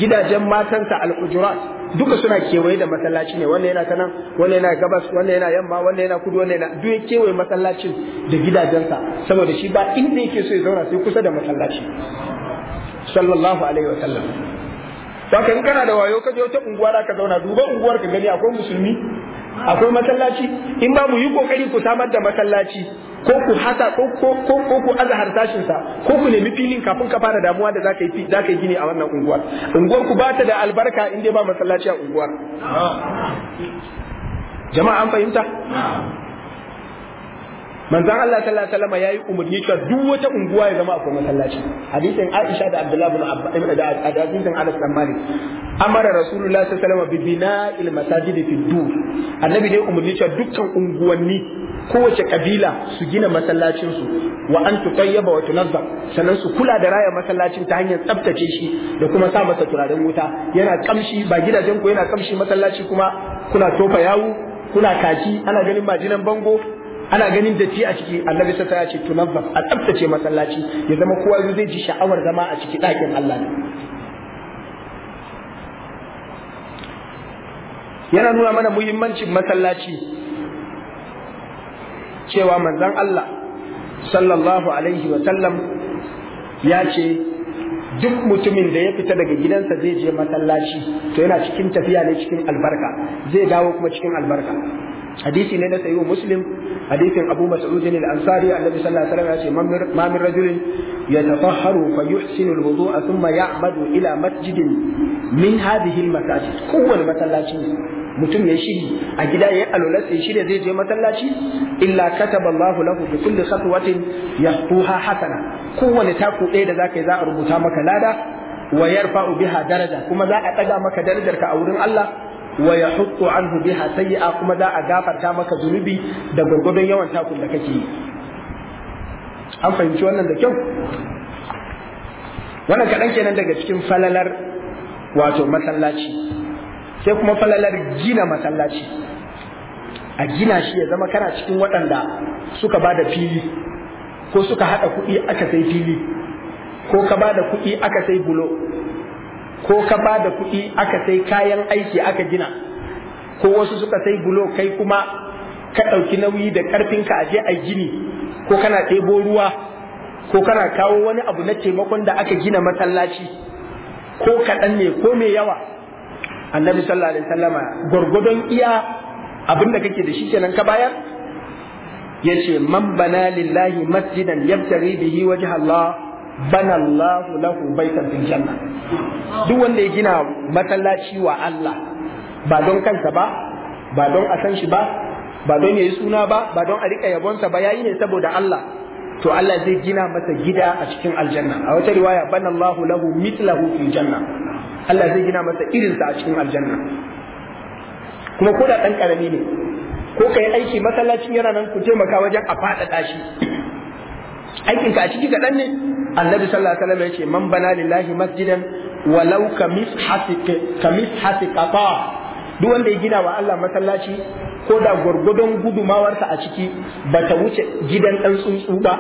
gidajen matansa al-ujurat duka suna kewaye da masallaci ne wannan yana ta nan wannan yana gabas wannan yana yamma wannan yana kudu wannan yana duk ya kewaye masallacin da gidajensa saboda shi ba inda yake so ya zauna sai kusa da masallaci sallallahu alaihi wa sallam to kan kana da wayo ka je wata unguwa ka zauna duba unguwar ka gani akwai musulmi akwai masallaci in mu yi kokari ku samar da masallaci ko ku hasa ko ko ku aza harsashin sa ko ku nemi filin kafin ka fara damuwa da zaka yi zaka yi gini a wannan unguwar unguwar ku ba ta da albarka in dai ba masallaci a unguwar jama'a an fahimta manzon Allah sallallahu alaihi wasallam yayi umarni cewa duk wata unguwa ya zama akwai masallaci hadisin Aisha da Abdullah bin Abbas da hadisin Anas bin Malik amara Rasulullah sallallahu alaihi wasallam bi bina'il masajidi fi dur annabi dai umarni cewa dukkan unguwanni kowace kabila su gina masallacin su wa an tuqayyaba wa tunazza sannan su kula da raya masallacin ta hanyar tsaftace shi da kuma sa masa turaren wuta yana kamshi ba gidajen ku yana kamshi masallaci kuma kuna tofa yawu kuna kaki, ana ganin majinan bango ana ganin datti a ciki annabi sallallahu alaihi ya ce tunabba a tsaftace masallaci ya zama kowa zai ji sha'awar zama a ciki ɗakin Allah ne yana nuna mana muhimmancin masallaci cewa manzon Allah sallallahu alaihi sallam ya ce duk mutumin da ya fita daga gidansa zai je masallaci to yana cikin tafiya ne cikin albarka zai dawo kuma cikin albarka hadisi ne na sayi muslim hadisin abu mas'udin al-ansari annabi sallallahu alaihi wasallam ya ce ma min rajulin yatatahharu fa yuhsinu al-wudu'a ya'madu ila masjidin min hadhihi al-masajid kowanne masallaci mutum ya shiri a gida ya alwala sai shirya zai je masallaci illa kataba Allahu lahu bi kulli khatwatin yahtuha hasana kowanne taku ɗaya da zaka yi za a rubuta maka lada wa yarfa'u biha daraja kuma za a ɗaga maka darajarka a wurin Allah wa an anhu biha sayyi'a kuma da a gafarta maka zunubi da gurgurdon yawan takun da kake yi an fahimci wannan da kyau wannan kaɗan kenan daga cikin falalar wato masallaci sai kuma falalar gina masallaci a gina shi ya zama kana cikin waɗanda suka ba da fili ko suka haɗa kuɗi aka sai fili ko ka ba da kuɗi aka sai bulo ko ka ba da kuɗi aka sai kayan aiki aka gina ko wasu suka sai bulo kai kuma ka ɗauki nauyi da ƙarfinka a je a gini ko kana ɗebo ruwa ko kana kawo wani abu na taimakon da aka gina masallaci ko kaɗan ne ko mai yawa annabi sallallahu alaihi wasallama gwargwadon iya abin da kake da shi kenan ka bayar yace man bana lillahi masjidan yabtaghi bihi wajha Allah bana Allah lahu baitan fil janna duk wanda ya gina masallaci wa Allah ba don kansa ba ba don a san shi ba ba don yayi suna ba ba don a rika yabonsa ba yayi ne saboda Allah to Allah zai gina masa gida a cikin aljanna a wata riwaya bana Allah lahu mithlahu fil janna Allah zai gina masa irinsa a cikin aljanna kuma ko da dan karami ne ko kai aiki masallacin yana nan ku taimaka wajen a faɗaɗa shi aikinka a ciki kaɗan ne annabi sallallahu alaihi wasallam yace man bana lillahi masjidan walau kamis hasik kamis ata duk wanda ya gina wa Allah masallaci ko da gurgudun gudumawarsa a ciki ba ta wuce gidan dan tsuntsu ba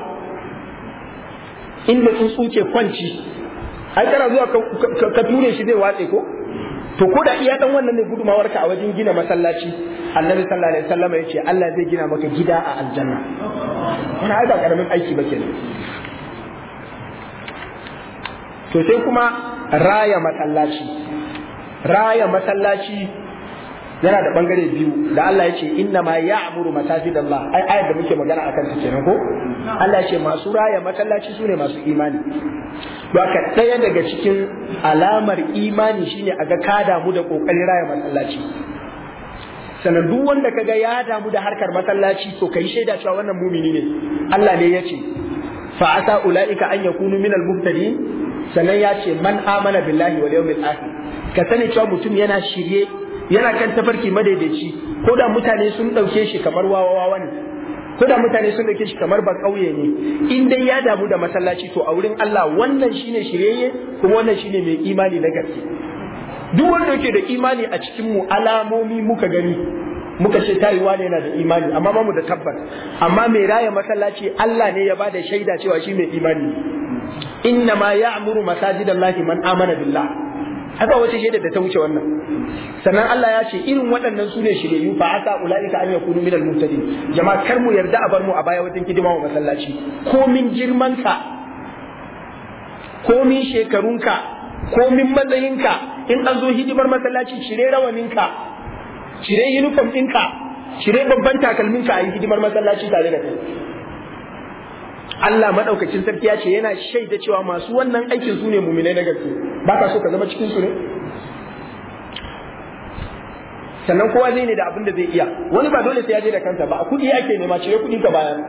inda tsuntsu ke kwanci ai kana zuwa ka ture shi zai watse ko to ko da iya dan wannan ne gudumawarka a wajen gina masallaci annabi sallallahu alaihi wasallam ya ce Allah zai gina maka gida a aljanna kana aika ba karamin aiki ba kenan to sai kuma raya masallaci raya masallaci yana da bangare biyu da Allah ya ce inna ma ya'muru masajid Allah ai ayar da muke magana akan ta kenan ko Allah ya ce masu raya masallaci sune masu imani aka ɗaya daga cikin alamar imani shine a ga ka damu da kokarin raya masallaci sannan duk wanda kaga ya damu da harkar masallaci to kai shaida cewa wannan mumini ne Allah ne ya ce fa asa ulaika an yakunu al muhtadin sanan ya ce man amana billahi wal yawmil akhir ka sani cewa mutum yana shirye yana kan tafarki madaidaici ko da mutane sun dauke shi kamar wawa ne ko da mutane sun dauke shi kamar ba kauye ne in dai ya damu da masallaci to a wurin Allah wannan shine shiryayye kuma wannan shine mai imani na gaske duk wanda yake da imani a cikin mu alamomi muka gani muka ce ta yiwa ne yana da imani amma ba mu da tabbas amma mai raya masallaci Allah ne ya bada shaida cewa shi mai imani inna ma ya'muru masajidallahi man amana billah haka wace shaida da ta wuce wannan sannan Allah ya ce irin waɗannan su ne shiryayyu fa asa ulaika an yakunu minal muhtadin jama'a kar mu yarda a bar mu a baya wajen hidima wa masallaci komin girmanka min shekarunka min matsayinka in an zo hidimar masallaci cire rawaninka cire uniform ɗinka cire babban takalmin ka a yi hidimar masallaci tare da kai Allah maɗaukacin sarki ya ce yana shaida cewa masu wannan aikin su ne muminai na gaske ba ka so ka zama cikin su ne sannan kowa zai ne da abin da zai iya wani ba dole sai ya je da kanta ba kuɗi ake nema cire kuɗin ka bayan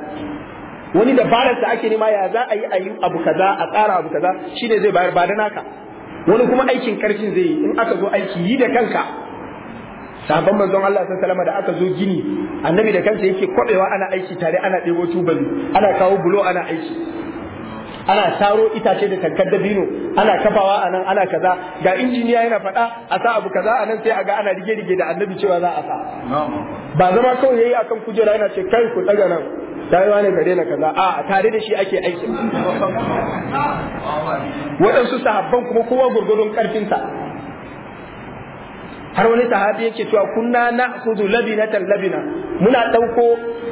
wani dabarar da ake nema ya za a yi a yi abu kaza a tsara abu kaza shine zai bayar ba da naka wani kuma aikin karfin zai yi in aka zo aiki yi da kanka sahabban manzon Allah sallallahu da aka zo gini annabi da kansa yake kwabewa ana aiki tare ana ɗebo tubali ana kawo bulo ana aiki ana taro itace da tankar dabino ana kafawa anan ana kaza ga injiniya yana faɗa a sa abu kaza anan sai a ga ana rige rige da annabi cewa za a sa ba zama kawai yayi akan kujera yana ce kai ku daga nan rayuwa ne gare na kaza a tare da shi ake aiki waɗansu sahabban kuma kowa gurgurun ƙarfinsa. har wani sahabi yake cewa kunna na labinatan labina muna dauko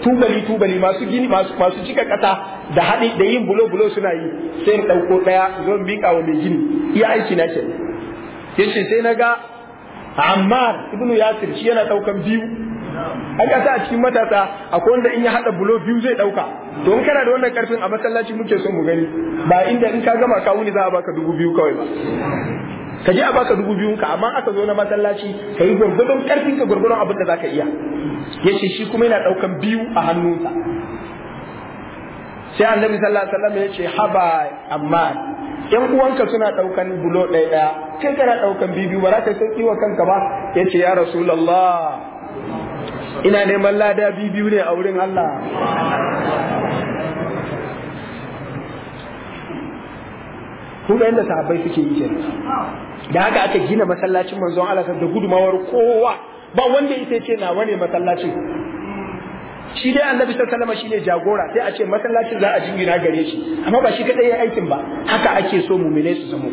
tubali tubali masu gini masu cika kasa da hadi da yin bulo bulo suna yi sai na dauko daya zo bika wa mai gini iya aiki na kenan yace sai na ga, Ammar ibnu Yasir shi yana daukan biyu a ƙasa a cikin matasa akwai wanda in ya haɗa bulo biyu zai ɗauka don kana da wannan ƙarfin a masallaci muke son mu gani ba inda in ka gama ka za a baka dubu biyu kawai ba ka je a baka dubu biyun ka amma aka zo na masallaci ka yi gwargwadon karfin ka gwargwadon abin da zaka iya yace shi kuma yana daukan biyu a hannunsa sai annabi sallallahu alaihi wasallam yace haba amma yan uwanka suna daukan bulo ɗaya ɗaya kai kana daukan biyu ba za ka sauki wa kanka ba yace ya rasulullah ina neman lada biyu biyu ne a wurin Allah Kuma ga yadda sahabbai suke yi kenan da haka aka gina masallacin manzon Allah da gudumawar kowa ba wanda ita ce na wane masallacin shi dai annabi sallallahu alaihi shine jagora sai a ce masallacin za a jingina gare shi amma ba shi kadai ya aikin ba haka ake so mu'mine su zama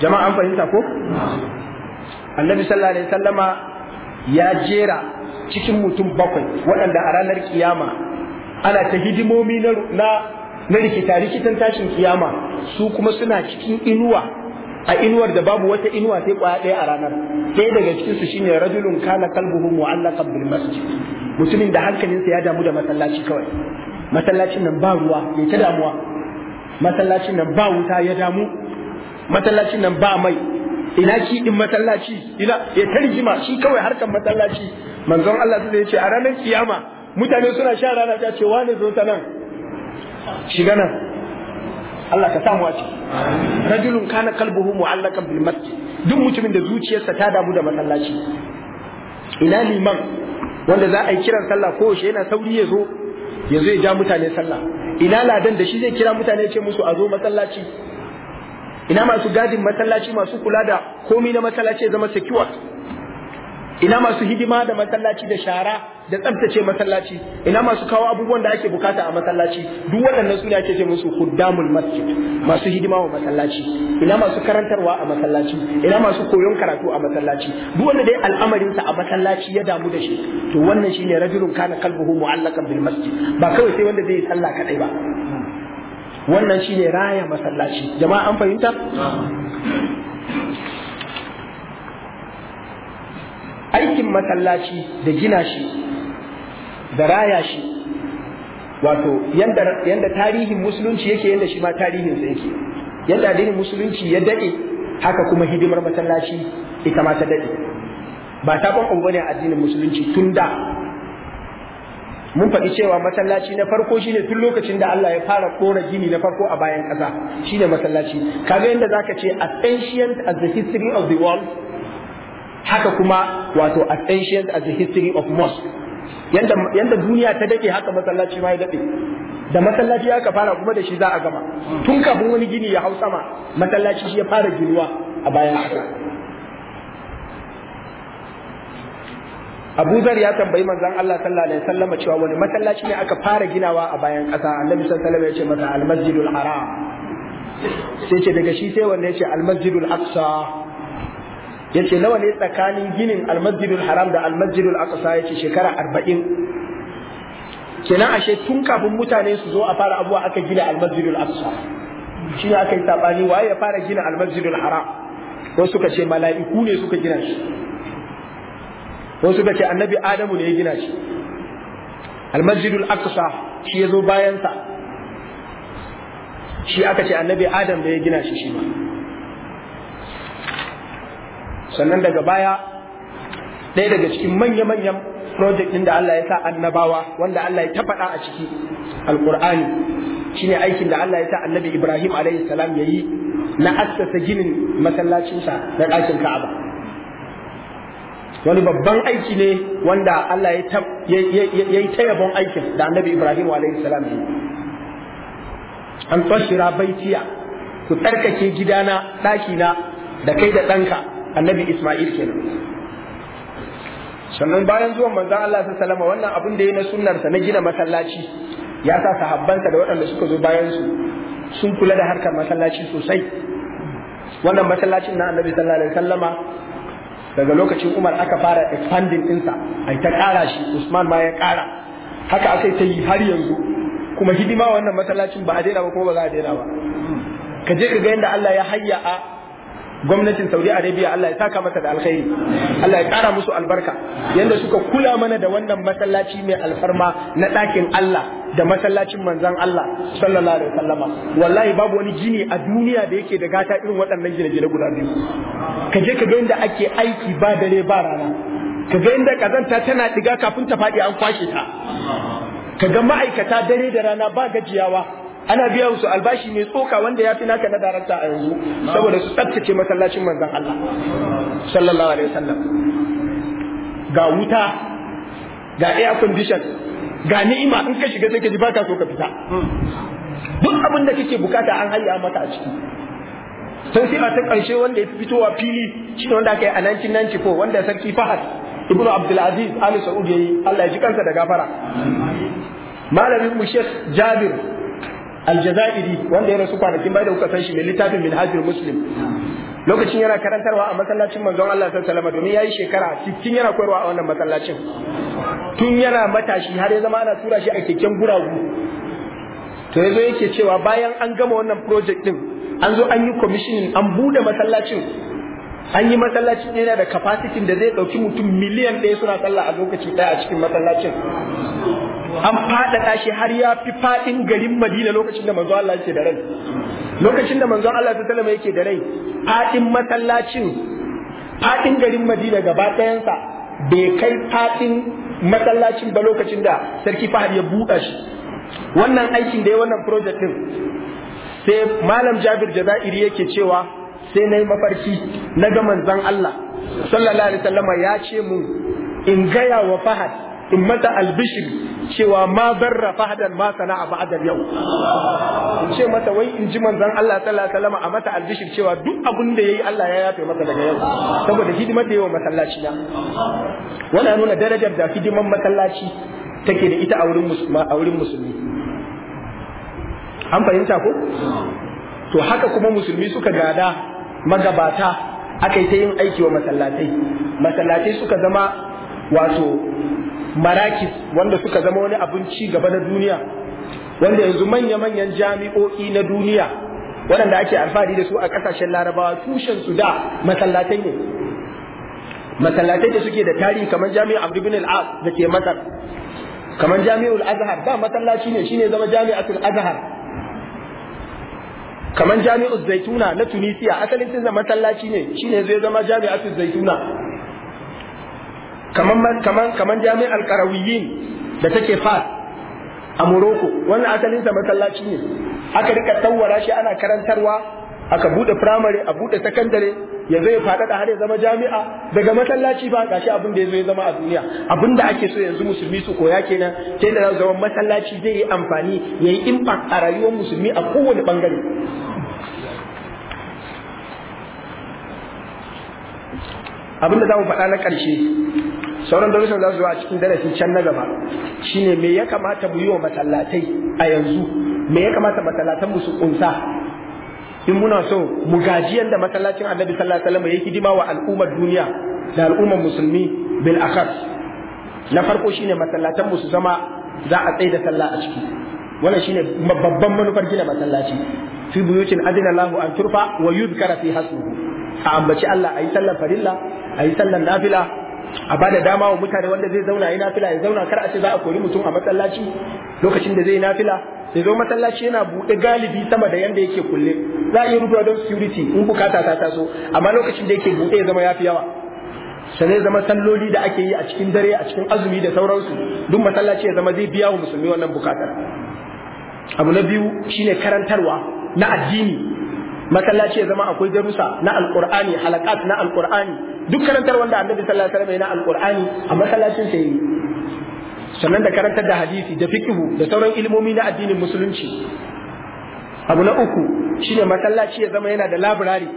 jama'a an fahimta ko annabi sallallahu alaihi ya jera cikin mutum bakwai waɗanda a ranar kiyama ana ta hidimomi na na rikita rikitan tashin kiyama su kuma suna cikin inuwa a inuwar da babu wata inuwa sai kwaya ɗaya a ranar ɗaya daga cikin su shine rajulun kana kalbuhu mu'allaqan bil masjid mutumin da hankalinsa ya damu da masallaci kawai masallacin nan ba ruwa mai ta damuwa masallacin nan ba wuta ya damu masallacin nan ba mai ina ki din masallaci ina ya tarjima shi kawai harkan masallaci manzon Allah sai ya ce a ranar kiyama mutane suna sha rana ta ce wane zo ta nan shiga nan Allah ka samu a rajulun kana kalbuhu mu'allakan bil masjid duk mutumin da zuciyarsa ta damu da masallaci ina liman wanda za a yi kiran sallah ko shi yana sauri ya zo ya ya ja mutane sallah ina ladan da shi zai kira mutane ce musu a zo masallaci ina masu gadin masallaci masu kula da komi na masallaci ya zama secure ina masu hidima da masallaci da shara da tsaftace masallaci ina masu kawo abubuwan da ake bukata a masallaci duk waɗannan su ne ake ce musu khuddamul masjid masu hidima wa masallaci ina masu karantarwa a masallaci ina masu koyon karatu a masallaci duk wanda dai sa a masallaci ya damu da shi to wannan shine rajulun kana kalbuhu mu'allaqan bil masjid ba kawai sai wanda zai yi sallah kadai ba wannan shine raya masallaci jama'a an fahimta aikin masallaci da gina shi da raya shi wato yadda tarihin musulunci yake yadda shi ma tarihin sa yake yadda addinin musulunci ya dade haka kuma hidimar masallaci ita ma ta dade ba sabon abu a addinin musulunci tun da mun faɗi cewa masallaci na farko shine tun lokacin da Allah ya fara kora gini na farko a bayan ƙasa shine masallaci kaga za zaka ce as ancient as the history of the world haka kuma wato as ancient as the history of mosque yanda yanda duniya ta dake haka masallaci ma ya dade da masallaci aka fara kuma da shi za a gama tun kafin wani gini ya hau sama masallaci shi ya fara giniwa a bayan haka Abu Zar ya tambayi manzon Allah sallallahu alaihi wasallam cewa wani masallaci ne aka fara ginawa a bayan ƙasa Annabi sallallahu alaihi wasallam ya ce masa Al-Masjidul Haram sai ce daga shi sai wanda ya ce Al-Masjidul Aqsa yace nawa ne tsakanin ginin almasjidul haram da almasjidul aqsa yace shekara arba'in kenan ashe tun kafin mutane su zo a fara abuwa aka gina almasjidul aqsa shi ne aka yi sabani waye ya fara gina almasjidul haram Ko suka ce mala'iku ne suka gina shi Ko suka ce annabi adamu ne ya gina shi almasjidul aqsa shi ya zo bayansa shi aka ce annabi adam da ya gina shi shi ma sannan daga baya ɗaya daga cikin manya-manyan project ɗin da Allah ya sa annabawa wanda Allah ya tafaɗa a ciki alƙur'ani shine aikin da Allah ya sa annabi Ibrahim a.s. ya yi na assasa ginin masallacinsa na ɗakin Ka'aba wani babban aiki ne wanda Allah ya yi ta yabon aikin da annabi Ibrahim a.s. salam ya yi an tsashira baitiya ku tsarkake gidana ɗakina da kai da ɗanka annabi Ismail kenan sannan bayan zuwan manzon Allah sallallahu wannan abin da ya na sunnarsa na gina masallaci ya sa sahabbansa da waɗanda suka zo bayan su sun kula da harkar masallaci sosai wannan masallacin na annabi sallallahu alaihi wasallama daga lokacin Umar aka fara expanding ɗinsa ai ta ƙara shi Usman ma ya ƙara haka aka ta yi har yanzu kuma hidima wannan masallacin ba a daina ba kuma ba za a daina ba ka je ka ga yadda Allah ya hayya a gwamnatin Saudi Arabia Allah ya saka masa da alkhairi Allah ya kara musu albarka yanda suka kula mana da wannan masallaci mai alfarma na ɗakin Allah da masallacin manzan Allah sallallahu alaihi wasallama wallahi babu wani gini a duniya da yake da gata irin waɗannan gine-gine guda biyu ka je ka ga yadda ake aiki ba dare ba rana ka ga inda kazanta tana diga kafin ta faɗi an kwashe ta ka ga ma'aikata dare da rana ba gajiyawa ana biya su albashi mai tsoka wanda ya fi naka na darakta a yanzu saboda su tsaftace masallacin manzan Allah sallallahu alaihi wasallam ga wuta ga air condition ga ni'ima in ka shiga sai ka ji baka so ka fita duk abin da kake bukata an hayya maka a ciki sai sai ta karshe wanda ya fitowa fili shine wanda aka yi a 1994 wanda sarki Fahad ibnu Abdul Aziz Ali Saudi Allah ya ji kansa da gafara malamin mu Jabir aljazairi wanda ya rasu kwanakin bai da kuka san shi mai littafin min hajjul muslim lokacin yana karantarwa a masallacin manzon Allah sallallahu alaihi ya domin yayi shekara cikin yana koyarwa a wannan masallacin tun yana matashi har ya zama ana tura shi a keken guragu to yazo yake cewa bayan an gama wannan project din an zo an yi commissioning an bude masallacin an yi masallacin yana da kafasitin da zai ɗauki mutum miliyan ɗaya suna sallah a lokaci ɗaya a cikin masallacin an faɗaɗa shi har ya fi faɗin garin madina lokacin da manzo Allah yake da rai lokacin da manzo Allah ta talama yake da rai faɗin masallacin faɗin garin madina gaba ɗayansa bai kai faɗin masallacin ba lokacin da sarki fahad ya buɗa shi wannan aikin da ya wannan project din sai malam jabir jaza'iri yake cewa sai na yi mafarki na ga manzan Allah sallallahu alaihi wasallam ya ce mu in gaya wa Fahad in mata albishir cewa ma barra fahadan ma sana'a ba'adar yau in ce mata wai in ji manzan Allah sallallahu alaihi a mata albishir cewa duk abin da ya yi Allah ya yafe masa daga yau saboda hidimar da yawa masallaci na wannan nuna darajar da hidimar masallaci take da ita a wurin musulmi an fahimta ko to haka kuma musulmi suka gada magabata aka yi ta yin aiki wa masallatai masallatai suka zama wato marakis wanda suka zama wani abin ci gaba na duniya wanda yanzu manya-manyan jami'o'i na duniya waɗanda ake alfahari da su a ƙasashen larabawa tushen su da masallatai ne masallatai da suke da tarihi kamar jami'ar abdu bin al da ke masar kamar jami'ul azhar ba masallaci ne shine zama jami'atul azhar kamar jami'u zaituna na tunisiya asalin sun zama masallaci ne shine zai zama jami'atu zaituna kamar jami'ar karawiyin da take fas a morocco wannan asalin sa masallaci ne aka rika tsawara shi ana karantarwa aka bude primary a bude secondary ya zai faɗaɗa har ya zama jami'a daga masallaci ba gashi abin da ya zo ya zama a duniya abin da ake so yanzu musulmi su koya kenan ta yadda zai zama masallaci zai yi amfani ya yi impact a rayuwar musulmi a kowane bangare abin da za mu faɗa na ƙarshe sauran darussan za su zo a cikin darasin can na gaba shine me ya kamata mu yi wa masallatai a yanzu me ya kamata masallatan mu su kunsa in muna so mu gaji yadda masallacin annabi sallallahu alaihi wasallam yake hidima wa al'ummar duniya da al'ummar musulmi bil na farko shine masallatan mu su zama za a tsaye da sallah a ciki wannan shine babban manufar gina masallaci fi buyutin adina Allahu an turfa wa yuzkara fi hasbuhu a ambaci Allah ayi sallan farilla ayi sallan nafila a bada dama wa mutane wanda zai zauna yi nafila ya zauna kar a ce za a kori mutum a masallaci lokacin da zai nafila ya zo masallaci yana buɗe galibi sama da yanda yake kulle za a iya rubuwa don security in bukata ta taso amma lokacin da yake buɗe ya zama ya fi yawa sai zama salloli da ake yi a cikin dare a cikin azumi da sauransu duk masallaci ya zama zai biya wa musulmi wannan bukatar abu na biyu shine karantarwa na addini masallaci ya zama akwai darusa na alqur'ani halakat na alqur'ani duk karantar wanda annabi sallallahu alaihi wasallam yana alqur'ani a masallacin sa yi. sannan da karantar da hadisi da fiqhu da sauran ilmomi na addinin musulunci abu na uku shine masallaci ya zama yana da library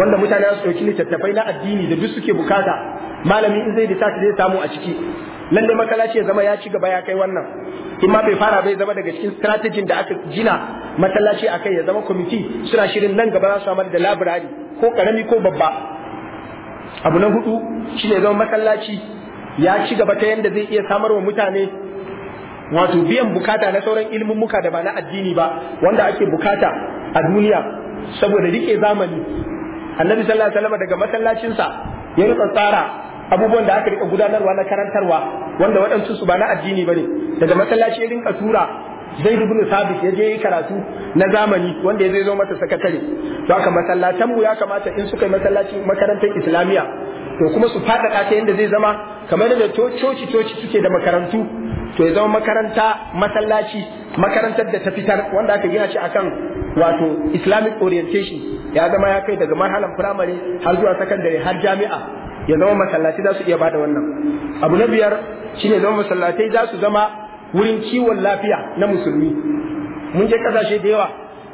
wanda mutane su dauki littattafai na addini da duk suke bukata malami in zai lissafi zai samu a ciki lalle masallaci ya zama ya ci gaba ya kai wannan in ma bai fara bai zama daga cikin strategy da aka gina masallaci akai ya zama committee suna shirin nan gaba za su samar da labirari ko karami ko babba abu na hudu ne zama masallaci ya ci gaba ta yadda zai iya samar wa mutane wato biyan bukata na sauran ilimin muka da ba na addini ba wanda ake bukata a duniya saboda rike zamani annabi sallallahu alaihi wasallam daga masallacinsa ya rika tsara abubuwan da aka rika gudanarwa na karantarwa wanda waɗansu su ba na addini bane daga masallaci ya rinka tura zai ibn sabis ya je yi karatu na zamani wanda ya zai zo mata sakatare to aka masallatan mu ya kamata in suka yi masallaci makarantar islamiya to kuma su faɗaɗa ta yadda zai zama kamar da coci coci suke da makarantu to ya zama makaranta masallaci makarantar da ta fitar wanda aka gina shi akan wato islamic orientation ya zama ya kai daga marhalan firamare har zuwa sakandare har jami'a ya zama masallaci za su iya bada wannan abu na biyar shine zama masallatai za su zama wurin kiwon lafiya na musulmi mun je kasashe da yawa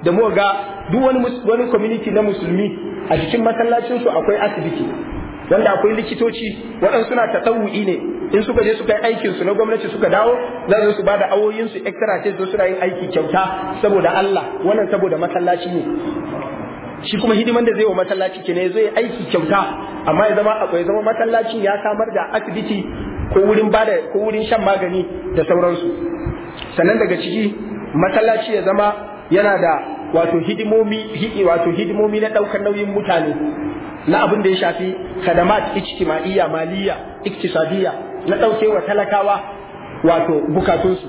da mu ga duk wani wani community na musulmi a cikin masallacin akwai asibiti wanda akwai likitoci waɗansu suna tatawu'i ne in suka je suka yi aikin su na gwamnati suka dawo za su bada awoyin su extra sai su suna yin aiki kyauta saboda Allah wannan saboda masallaci ne shi kuma hidiman da zai wa masallaci ke ne zai yi aiki kyauta amma ya zama akwai zama masallacin ya samar da asibiti ko wurin bada ko wurin shan magani da sauransu sannan daga ciki masallaci ya zama yana da wato hidimomi hidi wato hidimomi na daukar nauyin mutane na abin da ya shafi khadamat ijtima'iyya maliyya iktisadiyya na wa talakawa wato su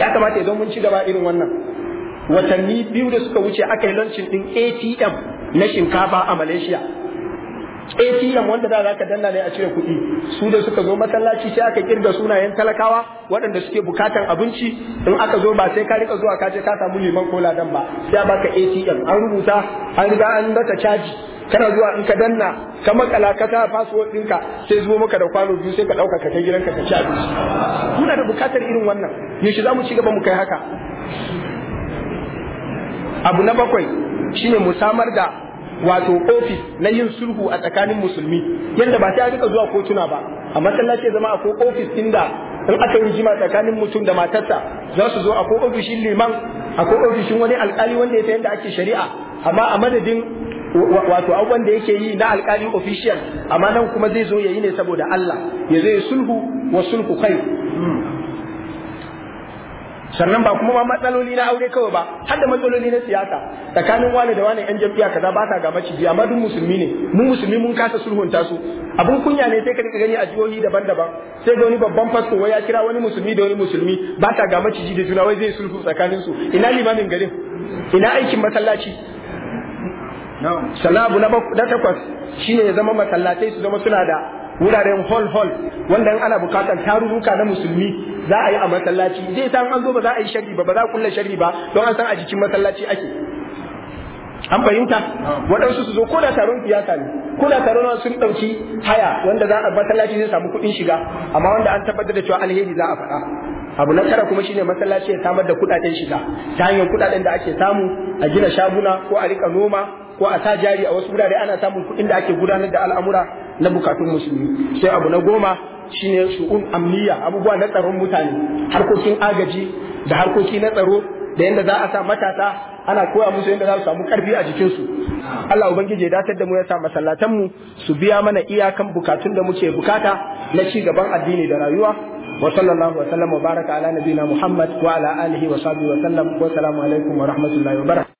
ya kamata idan mun ci gaba irin wannan watanni biyu da suka wuce aka yi lancin din ATM na shinkafa a Malaysia ATM wanda da ka danna ne a cire kuɗi su da suka zo masallaci sai aka kirga sunayen talakawa waɗanda suke bukatan abinci in aka zo ba sai ka rika zuwa ka je ka samu liman ko ladan ba sai baka ATM an rubuta an riga an baka caji kana zuwa in ka danna ka makala ka ta password ɗinka sai zuwa maka da kwano biyu sai ka ɗauka ka kai gidanka ka ci abinci muna da bukatar irin wannan yaushe za mu ci gaba mu kai haka abu na bakwai shine mu samar da wato ofis na yin sulhu a tsakanin musulmi yadda ba sai a rika zuwa kotuna ba a masallaci zama a ofis inda in aka yi jima tsakanin mutum da matarsa za su zo a ko ofishin liman a ko ofishin wani alkali wanda ya yadda ake shari'a amma a madadin wato abubuwan da yake yi na alkali official amma nan kuma zai zo ya yi ne saboda Allah ya zai sulhu wa sulhu kai sannan ba kuma ma matsaloli na aure kawai ba har da matsaloli na siyasa tsakanin wani da wani yan jam'iyya kaza ba ta ga maciji amma duk musulmi ne mu musulmi mun kasa sulhunta su abun kunya ne sai ka rika gani a jihohi daban-daban sai ga wani babban fasto wai ya kira wani musulmi da wani musulmi ba ta ga maciji da juna wai zai sulhu tsakanin su ina limamin garin ina aikin masallaci Salabu na takwas shine ya zama masallatai su zama suna da wuraren hall hall wanda in ana bukatar tarurruka na musulmi za a yi a masallaci zai san an zo ba za a yi sharri ba ba za a kulla sharri ba don an san a jikin masallaci ake an fahimta waɗansu su zo ko da taron siyasa ne ko da taron sun ɗauki haya wanda za a masallaci zai samu kuɗin shiga amma wanda an tabbatar da cewa alheri za a faɗa abu na tara kuma shine masallaci ya samar da kuɗaɗen shiga ta hanyar kuɗaɗen da ake samu a gina shaguna ko a rika noma ko a sa jari a wasu wurare ana samun kuɗin da ake gudanar da al'amura na bukatun musulmi sai abu na goma shine su'un amniya abubuwa na tsaron mutane harkokin agaji da harkoki na tsaro da yadda za a sa matasa ana koya musu yadda za su samu karfi a jikinsu Allah ubangiji ya datar da mu ya sa masallatan mu su biya mana iyakan bukatun da muke bukata na ci gaban addini da rayuwa wa sallallahu wa sallam wa baraka ala nabiyina Muhammad wa ala alihi wa sahbihi wa sallam wa assalamu alaikum wa rahmatullahi wa barakatuh